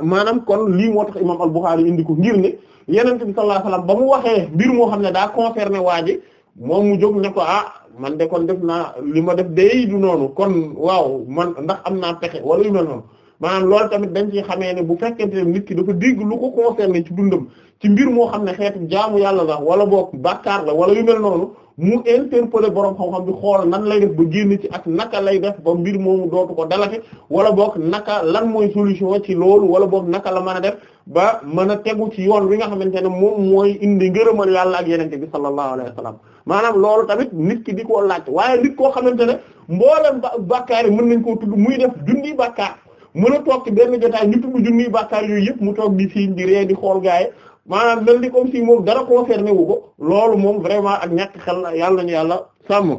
maanaam kon lii moo tax imam al-Bukhari indi ko ngir ne yenen bi sallallahu alayhi wasallam ba mu waxee mbir moo xam ne daa concerné waa ji moom mu jóg ne ko ah man de kon def naa li ma def day du noonu kon waaw man ndax am naa pexe wala yu mel noonu maanaam loolu tamit dañ ci xamee ne bu fekkente nit ki dafa dégg lu ko concerné ci dundam ci mbir moo xam ne jaamu yàlla la wala boog bàkkaar la wala yu mel noonu mu interpeller borom xam-xam bi nan lay def génn ci ak naka lay def ba mbir moomu dootu ko dalate wala boog naka lan mooy solution ci loolu wala boog naka la mën a def ba mën a tegu ci yoon wi nga xamante ne moom mooy indi ngërëmal yàlla ak yenente bi sallallahu alayhi wa sallam maanaam loolu tamit nit ki di ko laaj waaye nit koo xamante ne mboolem ba bàkkaar yi mën nañ koo tudd muy def junni bàkkaar mën a toog ci benn jotaay ñu tudd junniy bàkkaar yooyu yëpp mu toog di siiñ di ree di xool gaay maanaam mel ni comme si moom dara concerné wu ko loolu moom vraiment ak ñàkk xel yàlla ñu yàlla sàmm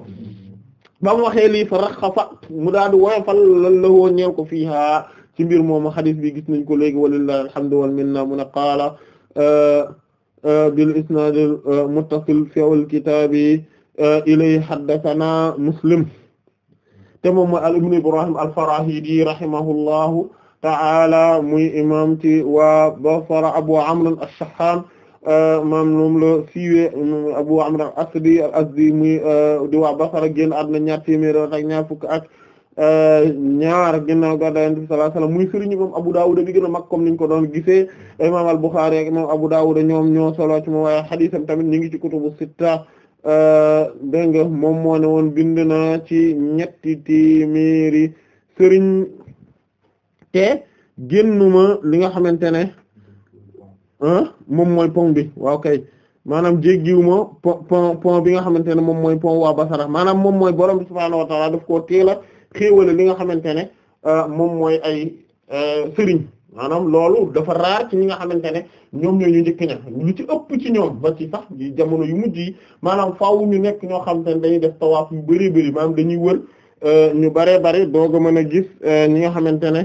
ba mu waxee lii fa raxafa mu daal di woyofal lan la woo ñeel ko fii haa ci mbir moomu xadis bi gis nañ ko léegi walillahi alhamdu wal minna mun a qaala euh, euh, bil isnaadil euh, muttasil fi al kitaabi ilay haddathana muslim te moom mooy al ibn Ibrahim al-Farahidi rahimahullahu ta'ala muy imam ci waa Basra Abu Amr ash-Shahan maam euh, moom la siiwee Abu Amr al-Asadi al-Azdi muy euh, di waa Basra génn àdduna ñaar téeméer ak ñaar ak euh, ñaar ginnaaw gàddaay Yonent bi sallallahu alayhi wasallam muy sëriñu imam Abu Dawud a gën a mag comme niñ ko doon gisee imam al-Bukhari ak imam Abu Dawud ñoom ñoo solo ci moom waaye tamit ñu ngi ci kutubu sitta Euh, dégg nga moom moo woon bind ci ñetti téeméeri sëriñ te génnuma li nga xamante ne ah, moom mooy pont bi waaw kay maanaam jéggiwuma pont pont bi nga xamante ne moom mooy wa waa Basara maanaam moom mooy borom bi subhaanahu wa ta'ala daf koo teel a xéewale li nga xamante ne ah, moom mooy ay euh, sëriñ maanaam loolu dafa raar ci ñi nga xamante ne ñoom ñoo ñu njëkk ña lu ci ëpp ci ñoom ba ci sax jamono yu mujj yi maanaam faaw ñu nekk ñoo xamante ne dañuy def tawaaf yu bari euh, bari euh, euh, maanaam dañuy wër ñu baree bari doog a mën a gis ñi nga xamante ne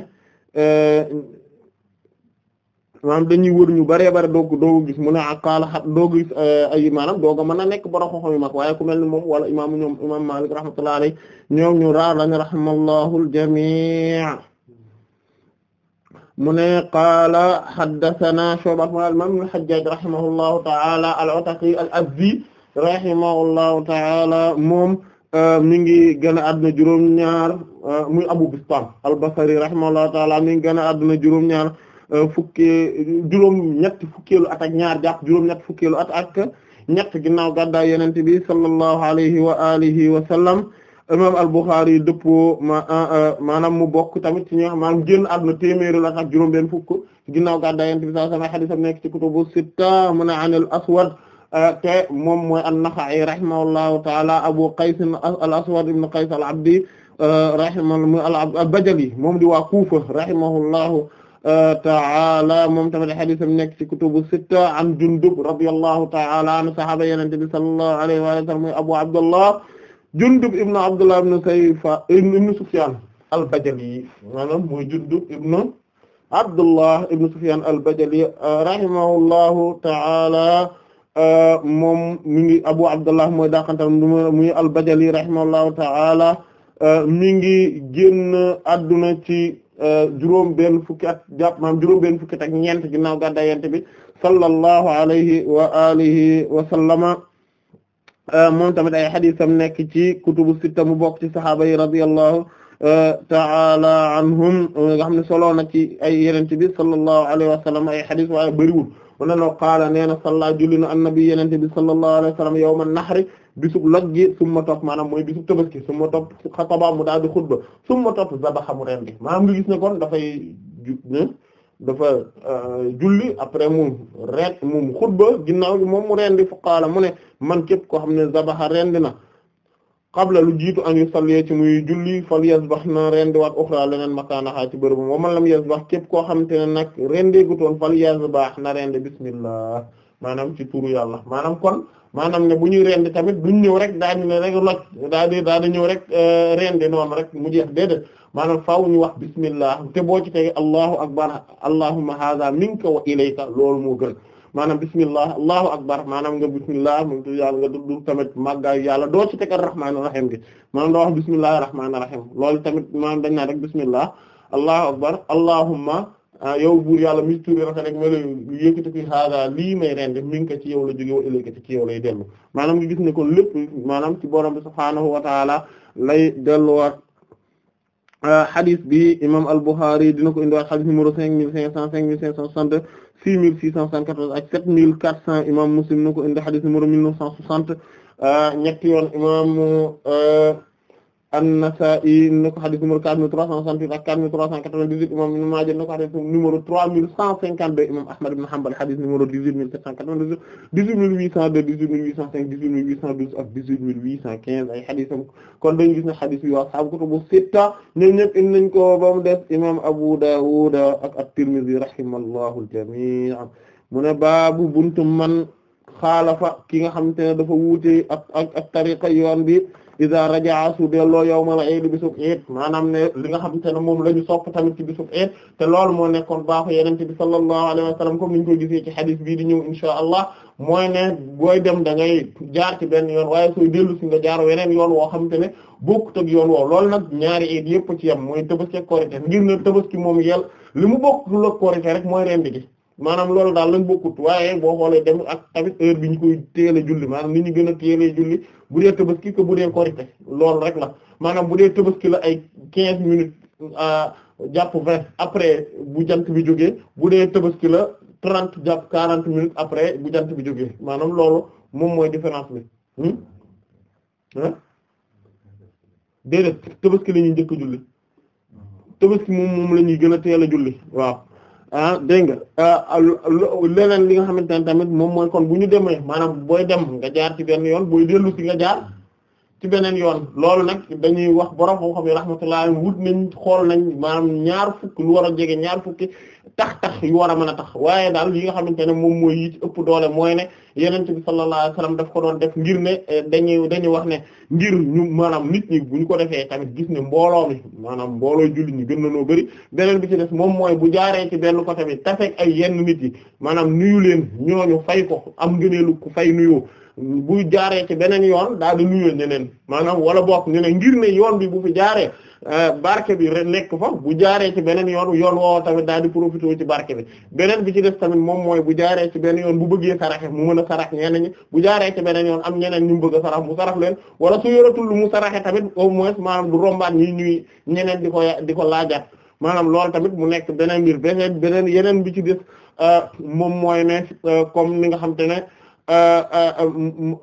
maanaam dañuy wër ñu baree bari doog doog gis mu ne akaala xat doog gis ay maanaam doog a mën a nekk borom yu mag waaye ku mel ni moom wala imaamu ñoom imaam Maalik rahmatullahi alayhi ñoom ñu raar lañu rahmallahu al-jamii' mu ne qaala haddathana Shu'ba al-imam al-Hajjaj rahimahullahu ta'ala al-Ataki al-Azdi rahimahullahu ta'ala moom euh, mi ngi gën a adduna juróom-ñaar euh, muy Abu Bistam al-Basri rahimahullahu ta'ala mi ngi gën a adduna juróom-ñaar euh, fukki juróom-ñett fukkeelu at ak ñaar jàpp juróom-ñett fukkeelu at ak ñett ginnaaw gàddaay Yonent bi sallallahu alayhi wa alihi wa sallam imam al-Bukhari y dëppoo ma maanaam mu bokk tamit ci ñoo maanaam génn àdduna téeméeri la ak juróom fukk ginnaaw gàddaay Yonent bi sallallahu alayhi wasallam hadith am nekk ci kutubu sitta mu ne anil aswad te moom mooy an-Naxa'i rahimahullahu ta'ala Abu Qays al-Aswad ibn Qays al-Abdi rahimahullah al-Bajali moom di waa Kufa rahimahullahu ta'ala moom tamit hadith am nekk ci kutubu sitta an Jundub radiyallahu ta'ala an sahaba Yonent bi sallallahu alayhi wa sallam Abu Abdullah Jundub ibn Abdullah ibn Sayfa ibn Sufyan al-Bajali maanaam mooy Jundub ibn Abdullah ibn Sufyan euh, euh, moom mi ngi Abu Abdullah mooy daakantal muy al-Bajali rahimahullahu ta'ala euh, mi ngi adduna ci juróom benn fukki at jàpp maam juróom benn fukki at ak ñeent ginnaaw gàddaay Yonent bi sallallahu alayhi wa alihi wa sallama Euh, moom tamit ay xadisam nekk ci kutubu sitta mu bokk ci saxaaba yi radiyallahu euh, taala anhum euh, nga xam ne solo na ci ay yenente bi sallallahu alayhi wa sallam ay xadis waaye bëriwul mu ne no qaala nee na salla julli na annabi yenente bi sallallahu alayhi wa sallam yawma nahri bisub laggi summa topp maanaam mooy bisub tabaski summa topp xataba mu daal di xutba summa topp zabaxa mu rendi maanaam nga gis ne kon dafay dafa euh, julli après mu reet mu xutba ginnaaw gi moom mu rendi fa qaala mu ne man képp koo xam ne zabaxa rendi na qabla lu jiitu an yu sallee ci muy julli fal yasbax na rendi waat uxra leneen makaanaxaa ci bërëbu wa man lam yasbax képp koo xam te ne nag rendeegutoon fal yasbax na rendi bismillah maanaam ci turu yàlla maanaam kon maanaam ne bu ñuy rendi tamit duñ ñëw rek daañu ne rek loj daa di daa di ñëw rek euh, rendi noonu rek mu jeex déedéet maanaam faaw ñu wax bismillah te boo ci tege allahu akbar allahumma hadha minka wa ilayka loolu moo gën maanaam bismillah allahu akbar maanaam nga bismillah mu tu yàlla nga dudd tamit màggaayu yàlla doo ci teg arrahmaanir rahiim gi maanaam doo wax bismillahir rahmaanir rahiim loolu tamit maanaam dañ naa rek bismillah allahu akbar allahumma Ah, yow buur yàlla mi turé raka rek mala yëkkati ko haada lii may rendi mi ko ci yow la jóge wa ëllëgati ci yow lay dellu maanaam nga gis ne kon lépp maanaam ci borom bi subhaanahu wa taala lay delluwaat hadith ah, bi imam al-Bukhari dina ko indiwaat hadith numéro cinq mille cinq cent cinq mille cinq cent soixante six mille six cent soixante-quatorze ak sept mille quatre cent imam Muslim na ko indi hadith numéro mille neuf cent soixante ah, ñetti yoon imam An-Nasa'i na ko xadis numéro 4368 ak 4398 imam Ibn Maaja na ko xadis numéro 3152 imam Ahmad ibn Hanbal xadis numéro 18798 18802 18805 18812 ak 18815 ay xadisam kon dañu gis ne xadis bi waa ashaabu kutubu sitta ñoom ñëpp indi nañu ko ba mu des imam Abu Dawud ak at-Tirmidhi rahimallahu al-jami' mu ne baabu buntu man xaalafa ki nga xamante ne dafa wuute ak ak ak tariqa yoon bi iza rajaa su delloo yawmal eid bisub eid maanaam ne li nga xamante ne moom la ñu sopp tamit ci bisub eid te lool moo nekkoon baax yenente bi sallallahu alayhi wa sallam comme koy gisee ci xadis bii di ñëw inshaa allah mooy ne booy dem da ngay jaar ci benn yoon waaye sooy dellu si nga jaar weneen yoon woo xamante ne bokkut ak yoon woo loolu nag ñaari eid yëpp ci yem mooy tabaski ak korite ngir ne tabaski moom yel li mu bokk la korite rek mooy rendi gi maanaam loolu daal lañ bokkut waaye boo xoolee dem ak tamit heure bi ñu koy teel a julli maanaam ni ñu gën a teel a julli bu dee tabaski que bu dee korite loolu rek la maanaam bu dee tabaski la ay quinze minutes euh, jàpp vingt après bu jant bi jógee bu dee tabaski la trent jàpp quarante minutes après bu jànt bi jógee maanaam loolu moom mooy différence bi ah déedéet tabaski la ñuy njëkk a julli tabaski moom moom la ñuy gën a teel a julli waaw ah dégg nga ah, leneen li nga xamante ne tamit moom mooy kon bu ñu demee maanaam booy dem nga jaar ci benn yoon booy dellu si nga jaar ci beneen yoon loolu nag dañuy wax borom xam-xam yi rahmatullahi wut nañ xool nañ maanaam ñaar fukk lu war a jege ñaar fukki tax tax yu war a mën a tax waaye daal li nga xamante ne moom mooy yi ëpp doole mooy ne. yenente bi sallallahu alayhi wasallam daf ko doon def ngir ne eh, dañuy dañuy wax ne ngir ñu maanaam nit ñi bu ñu ko defee tamit gis ne mbooloo mi maanaam mbooloo julli ñu gën nanoo bëri beneen bi ci des moom mooy bu jaaree ci benn côté bi tafeeg ay yenn nit yi maanaam nuyu leen ñooñu fay ko am ngëneelu ku fay nuyoo bu jaaree ci beneen yoon daal di nuyoo ñeneen maanaam wala bokk ñu ne ngir ne yoon bi bu fi jaaree Euh, barke bi rek nekk fa bu jaaree ci beneen yoon yoon woow tamit daal di profité ci barke bi beneen bi ci def tamit moom mooy bu jaaree ci beneen yoon bu bëggee saraxe mu mën a sarax ñeneen ñi bu jaaree ci beneen yoon am ñeneen ñu mu bëgg a sarax mu sarax leen wala su yoratul lu mu saraxe tamit au moins maanaam du rombaat ñi ñuy ñeneen di ko di ko laajaat maanaam loolu tamit mu nekk beneen mbir beneen beneen yeneen bi ci def euh, moom mooy ne euh, comme ni nga xam te ne Euh, euh, euh,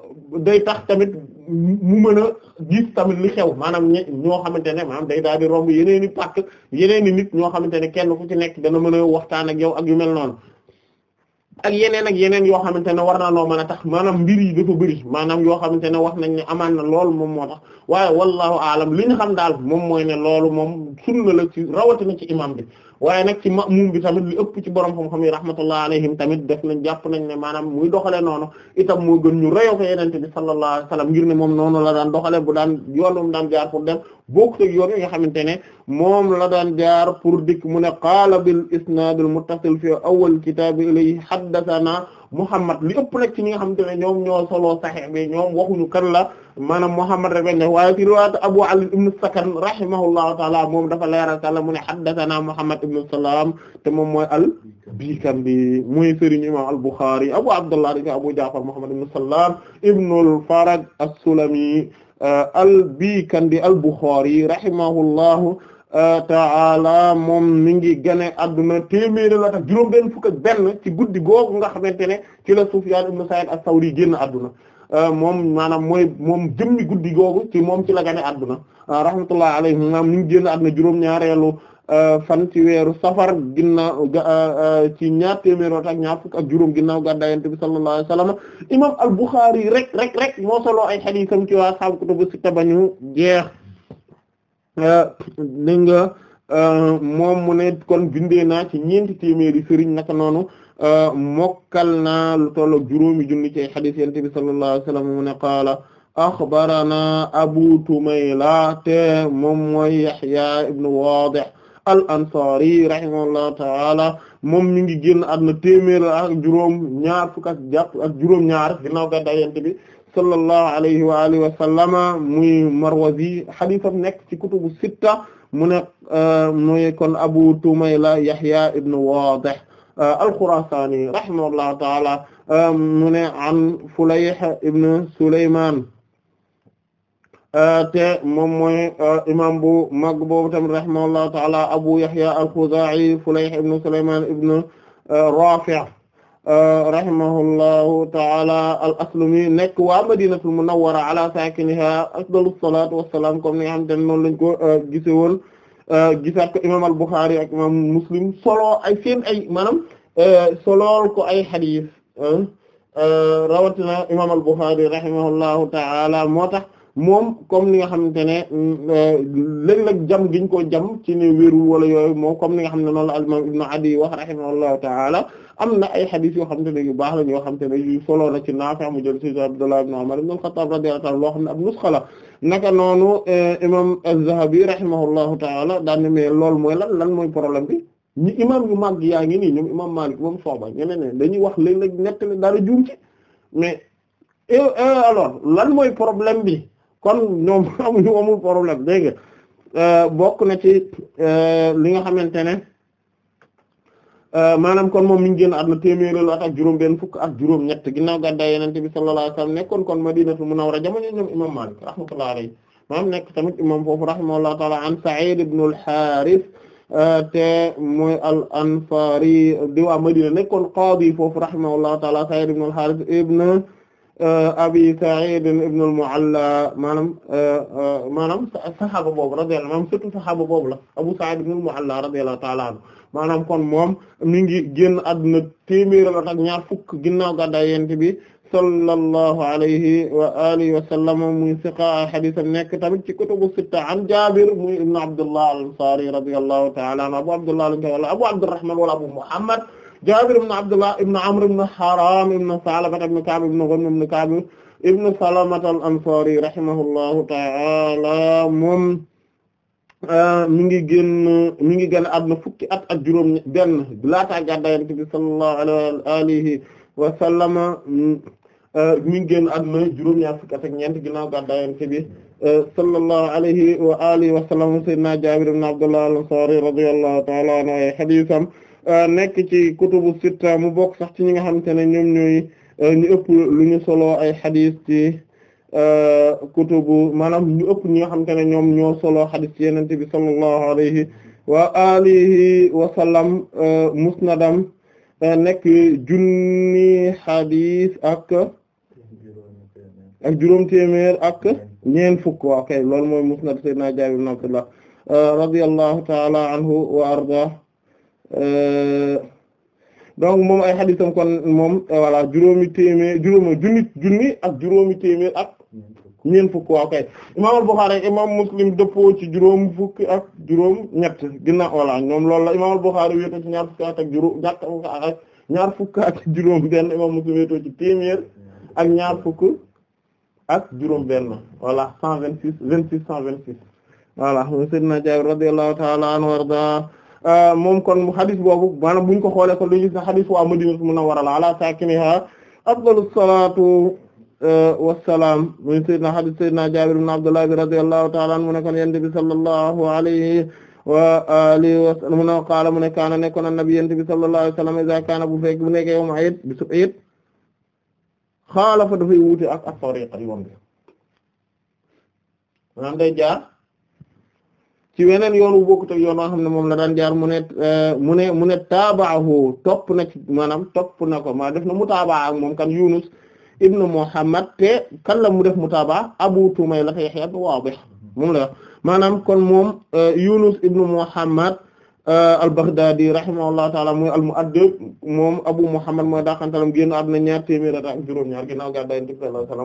day tax tamit mu mën a gis tamit li xew maanaam ñe ñoo xamante ne maanaam day daal di romb yeneen i pàcc yeneen i nit ñoo xamante ne kenn ku ci nekk dana mën a waxtaan ak yow ak yu mel noonu ak yeneen ak yeneen yoo xamante ne war naa loo mën a tax maanaam mbir yi dafa bëri maanaam yoo xamante ne wax nañ ne amaan na lool moom moo tax waaye wallahu alam li ñu xam daal moom mooy ne loolu moom sunna la ci rawatina ci imam bi waaye na ci ma'mum bi tamit li ëpp ci borom xam-xam yi rahmatullah alayhim tamit def nañ jàpp nañ ne maanaam muy doxale noonu itam moo gën ñu royo ko yenente bi sallallahu alayhi wasallam ngir ne moom noonu la daan doxale bu daan yoonum daan jaar pour dem bokkut ak yoon yi nga xamante ne moom la daan jaar pour dikk mu ne qaala bil isnaadil muttasil fi awwal kitaab ilayhi haddathana Muhammad li ëpp nag ci ñi nga xamante ne ñoom ñoo solo Sahih bi ñoom waxuñu kan la maanaam Muhammad rek lañ ne waaye ci riwaayat Abu Ali ibn Sakan rahimahullahu ta'ala moom dafa leeral kàlla mu ne haddathana Muhammad ibn Salaam te moom mooy al Bikandi muy sëriñ imam al-Bukhari Abu Abdullah ibn Abu Ja'far Muhammad ibn Salaam ibn al-Faraj as-Sulami Euh, al-Bikandi al-Bukhari rahimahullahu euh, ta'ala moom mi ngi gane adduna téeméeri la tax juróom-benn fukk ben benn ci guddi googu nga xamante ne ci la Sufyan ibn Sa'id as-Sawri génn adduna euh, moom maanaam mooy moom jëmmi guddi googu ci moom ci la gane adduna rahmatullahi alayhi maanaam mi ngi génn adduna juróom-ñaareelu. Euh, fan ci weeru safar ginnaaw euh, euh, ci ñaar téeméer ak ñaar fukk ak juróom ginnaaw gàddaay Yonent bi sallallahu alayhi wasallam imam al-Bukhari rek rek rek moo solo ay ci waa ashaabu kutubu sitta bañu jeex li moom mu kon bindee naa ci ñeenti téeméeri sëriñ naka noonu mokkal lu tollook juróomi junni ci ay xadiis Yonent bi sallallahu alayhi mu ne qaala axbarana Abu Tumayla te moom mooy Yahya ibn Wadih al ansari rahimahullahu taala moom mi ngi génn àdduna téeméer ak juróom ñaar fukk ak jàpp ak juróom ñaar ginnaaw bi sallallahu alayhi muy marwazi hadisam nekk ci kutubu sitta mu ne euh, muy kon abu tumayla yahya ibn wadih euh, al-khurasani rahimahullahu taala euh, mu an fulayh ibn sulayman Euh, te moom mooy euh, imam bu mag boobu tamit rahimahullahu taala Abu Yahya al-Khuzaa'i Fulayh ibn Sulaymaan ibn euh, Raafi' rahimahullahu taala al-Aslami nekk waa Madinatul Munawwara ala saakinihaa afdalu salaatu wa salaam comme ni nga xamante ne noonu lañ ko gisee woon gisaat ko imam al-Bukhari ak imam Muslim solo ay seen ay maanaam solool ko ay xadiis rawatina imam al-Bukhari rahimahullahu taala moo tax. moom comme ni nga xamante ne mm, euh, léeg-léeg jam giñ ko jam ci ne wérul wala yooyu moom comme ni nga xam ne noonu la al-imam ibnu Adi wax rahimahullahu taala am na yoo xamante ne yu baax la ñoo xamante ne yu solo na ci Naafi' mu jël ci Abdullah ibn Umar ibn al-Khattab radiyallahu anhu loo xam ne ab nusxa la naka noonu euh, imam az-Zahabi rahimahullahu taala daan na mais loolu mooy lan lan mooy problème bi ñi imam yu màgg yaa ngi nii ñoom imam Malik moom Sooba ñeneen ne dañuy wax léeg-léeg nett a dara juum ci mais euh, alors lan mooy problème bi kon ñoom amuñu amul problème dégg euh, bokk na ci euh, li nga xamante ne euh, maanaam kon moom mi ngi génn àdduna téeméeri at ak juróom benn fukk ak juróom ñett ginnaaw gàddaay Yonent bi sallallahu alayhi wasallam nekkoon kon Madinatul Munawwara jamono ñoom imam Maalik rahmatullahi alayhi maam nekk tamit imam foofu rahimahullahu ta'ala an Sa'id ibn te mooy al-Anfari di Madina nekkoon qaadi foofu rahimahullahu ta'ala Sa'id ibn al ibn abi Sa'id ibn al-Mu'alla maanaam maanaam saxaaba boobu radiyallahu anhu surtout saxaaba boobu la Abu Sa'id ibn al-Mu'alla radiyallahu ta'ala anhu maanaam kon moom mi ngi génn àdduna téeméer ak ñaar fukk ginnaaw gàddaay yonent bi sallallahu alayhi wa alihi wa sallam muy siqa hadiisam nekk tamit ci kutubu sitta an Jaabir muy ibn Abdullah al-Ansari radiyallahu ta'ala anhu Abu Abdullah wala Abu Abdurrahman wala Abu Muhammad Jaabir ibn Abdullah ibn Amr ibn Haram ibn Salama ibn Ka'b ibn Ghanm ibn Ka'b ibn Salama al-Ansari rahimahullahu ta'ala moom euh, mi ngi génn mi ngi génn àdduna fukki at ak juróom benn laata gàddaay Yonent bi sallallahu alayhi wa alihi wa sallam euh, mi ngi génn àdduna juróom-ñaar fukki at ak ñeent ginnaaw gàddaay Yonent bi euh, sallallahu alayhi wa alihi wa sallam Sayyidina Jaabir ibn Abdullah al-Ansari radiyallahu ta'ala anhu ay hadiisam Euh, nekk ci kutubu sitta mu bokk sax ci ñi nga xamante ne ñoom ñooy euh, ñu ëpp lu ñu solo ay xadis ci euh, kutubu maanaam ñu ëpp ñi nga xamante ne ñoom ñoo solo xadis ci yenente bi sallallahu alayhi wa alihi wa sallam musnadam nekk junni xadis ak ak juróom téeméer ak ñeent fukk waa kay loolu mooy musnad sayyidina Jaabir ibn Abdullah radiyallahu ta'ala anhu wa arda Euh, donc moom ay xadisam kon moom euh, voilà juróomi téeméer juróomi junni junni ak juróomi téeméer ak fukk waaw imaam al-Bukhari ak ci juróom fukki ak juróom ñett ginnaaw voilà ñoom loolu la imaam al-Bukhari wéetoo ci ñaar ak juróom ñaar fukk ak ñaar fukk ak juróom benn imaam Muslim wéetoo ci téeméer ak ñaar fukk ak juróom benn voilà cent vingt six vingt six cent vingt six voilà Seydina Jaabir radiyallahu ta'ala anhu warda Euh, moom kon xadis boobu maanaam buñ ko xoolee kon lu ñu gis xadis waa Madina Munawwara la ala saakiniha afdalu salaatu euh, wassalaam muy sayyidina xadis sayyidina Jaabir ibn Abdullah bi radiyallahu ta'ala anhu mu ne kon yonent bi sallallahu alayhi wa alihi wa sallam mu ne qaala mu ne kaana nekkoon annabi yonent bi sallallahu alayhi wa sallam iza kaana bu fekk bu ak ak tariqa yoon bi ci weneen yoon wu bokkut ak yoon xam ne moom la daan jaar mu ne euh, mu ne mu ne taabaahu topp na ci maanaam topp na ko maa def na mu taabaa ak moom kan Yunus ibn kan la mu def mu Abu Tumayla Yahya ibn Wadih moom la maanaam kon moom euh, Yunus ibn Muhammad euh, al-Baghdadi rahimahullahu taala mooy al-Mu'addib moom Abu Muhammad mooy daaxantalam génn àdduna ñaar téeméer ak juróom-ñaar ginnaaw gàddaay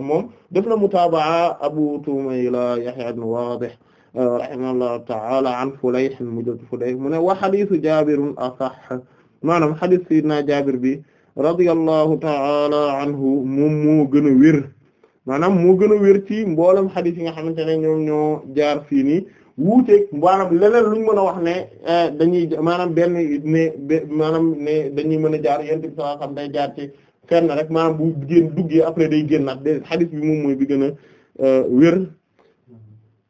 moom def na mu Abu Tumayla Yahya ibn Wadih rahimahullahu ta'ala an Fulayh mu jot Fulayh mu ne wa hadiisu Jaabir asah maanaam hadiis Sayyidina Jaabir bi radiyallahu ta'ala anhu moom moo gën a wér maanaam moo gën a wér ci mboolem hadiis yi nga xamante ne ñoom ñoo jaar fii nii wuuteeg maanaam leneen luñ mën a wax ne eh, dañuy maanaam benn maanaam ne mën a jaar yent bi sallallahu day jaar ci fenn rek maanaam bu génn duggee après day génnaat de xadis bi moom mooy bi gën a eh, wér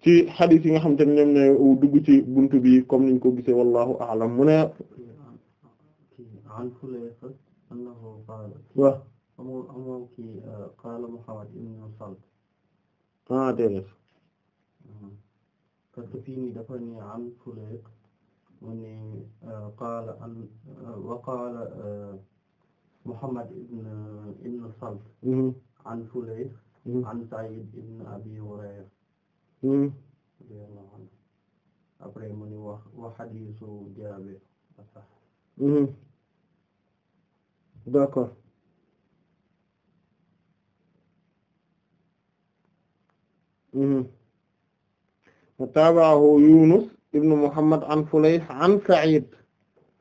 ci xadis yi nga xam te ne ñoom ñooy dugg ci buntu bi comme niñ ko gisee wallahu a'lam mu ne wa amoon kii qaala Muhammad ibn Salt ah déedéet parce que fii nii dafa ni an Fulayq mu ni qaala an wa qaala Muhammad ibn ibn Salt an Fulayq an Sa'id ibn Abi Hurayra radiyallahu anhu après mu ni wax wax hadiisu Jaabir sax Yunus ibnu Muhammad an Fulayh an Sa'id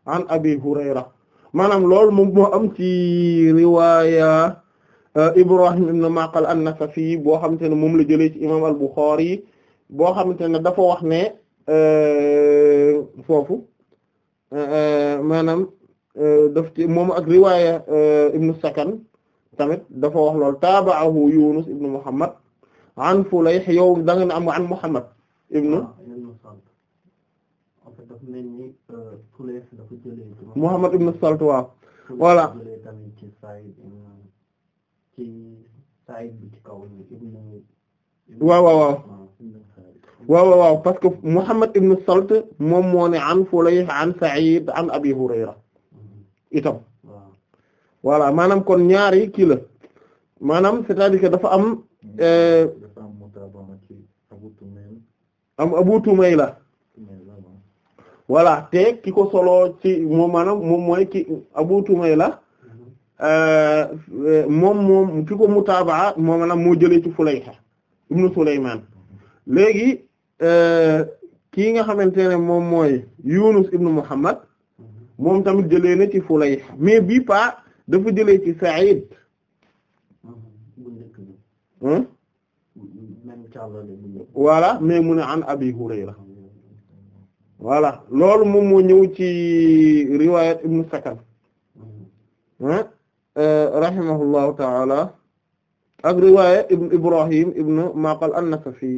an Abi Hurayra maanaam loolu moom am ci riwaaya Euh, Ibrahim ibn Maqal an-Nasafi boo xamante ne moom la jëlee ci imam al-Bukhari boo xamante ne dafa wax ne euh, foofu euh, maanaam daf ci moom ak riwaaya ibnu Sakan tamit dafa wax lool taaba'ahu Yunus ibnu Muhammad an Fulayh yow da nga ne am an Muhammad ibnu ah, Muhammad ibnu Salt waaw voilà. ci Saïd bi ci kaw waaw waaw waaw waaw waaw parce que Muhammad ibn Salt moom moo ne an Fulayh an Sa'id an Abi Hurayra itam voilà maanaam kon ñaari kii la maanaam c'est-à-dire que dafa am euh, am Abu Tumayla voilà te ki ko solo ci moom maanaam moom mooy ki Abu Tumayla Euh, euh, moom moom ki ko mutaabaa moom la moo jëlee ci Fulayha ibnu Sulaymaan léegi euh, kii nga xamante ne moom mooy Yunus ibnu Muhammad moom tamit jëlee na ci Fulayha mais bi pa dafa jëlee ci Sa'id hmm? voilà mais mu ne an Abi Hurayra voilà loolu moom moo ñëw ci riwaayat ibnu Sakan hmm? rahimahullahu taala ak riwaaya ibn Ibrahim ibn Maqal an-Nasafi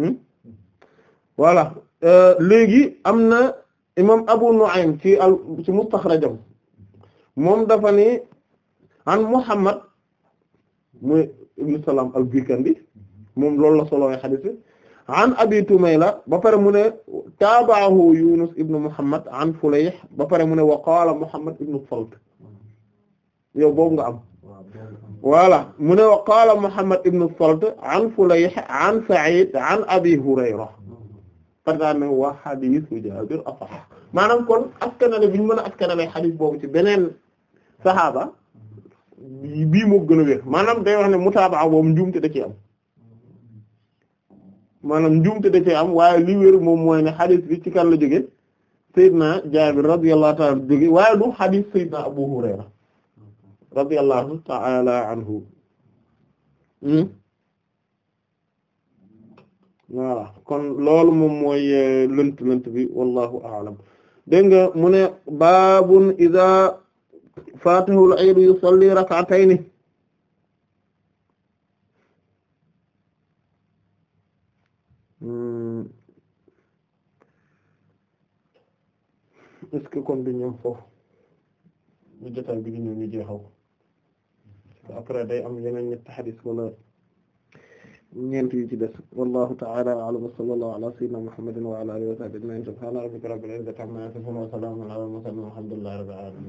hmm? voilà léegi am na imam Abu Nu'aym ci al ci mustaxrajam moom dafa ni an Muhammad muy ibn Salam al-Bikandi moom loolu la solo xadiis bi an abi Tumayla ba pare mu ne taabaahu Yunus ibn Muhammad an Fulayh ba pare mu ne wa qaala Muhammad ibn Salt yow boobu nga am voilà mu ne wa qaala Muhammad ibn Salt an Fulayh an Sa'id an Abi Hurayra pardaane wa hadiisu Jaabir asah maanaam kon askanale bi ñu mën a askanale xadis boobu ci beneen saxaaba bii moo gën a wér maanaam day wax ne mutaabaa boobu njuumte da ci am maanaam njuumte da cee am waaye li wér moom mooy ne xadis bi ci kan la jóge ta'ala jóge waaye du xadis Seydina Abu Hurayra radiyallahu ta'ala anhu hmm? kon loolu moom mooy euh, lënt lënt bi wallahu a'lam dégg nga mu ne baabun iza yusalli rak'atayni est-ce que kon du ñëw foofu bu jotaay bi di ñëw ñu jeexaw après day am yeneen ñetti xadis wala ñeent yu ci des wallahu ta'ala a'lam wa sallallahu ala sayyidina muhammadin wa ala alihi wa sahbihi ajma'in subhana rabbika rabbil izzati amma yasifun wa salamun ala al mursalin walhamdulillahi rabbil alamin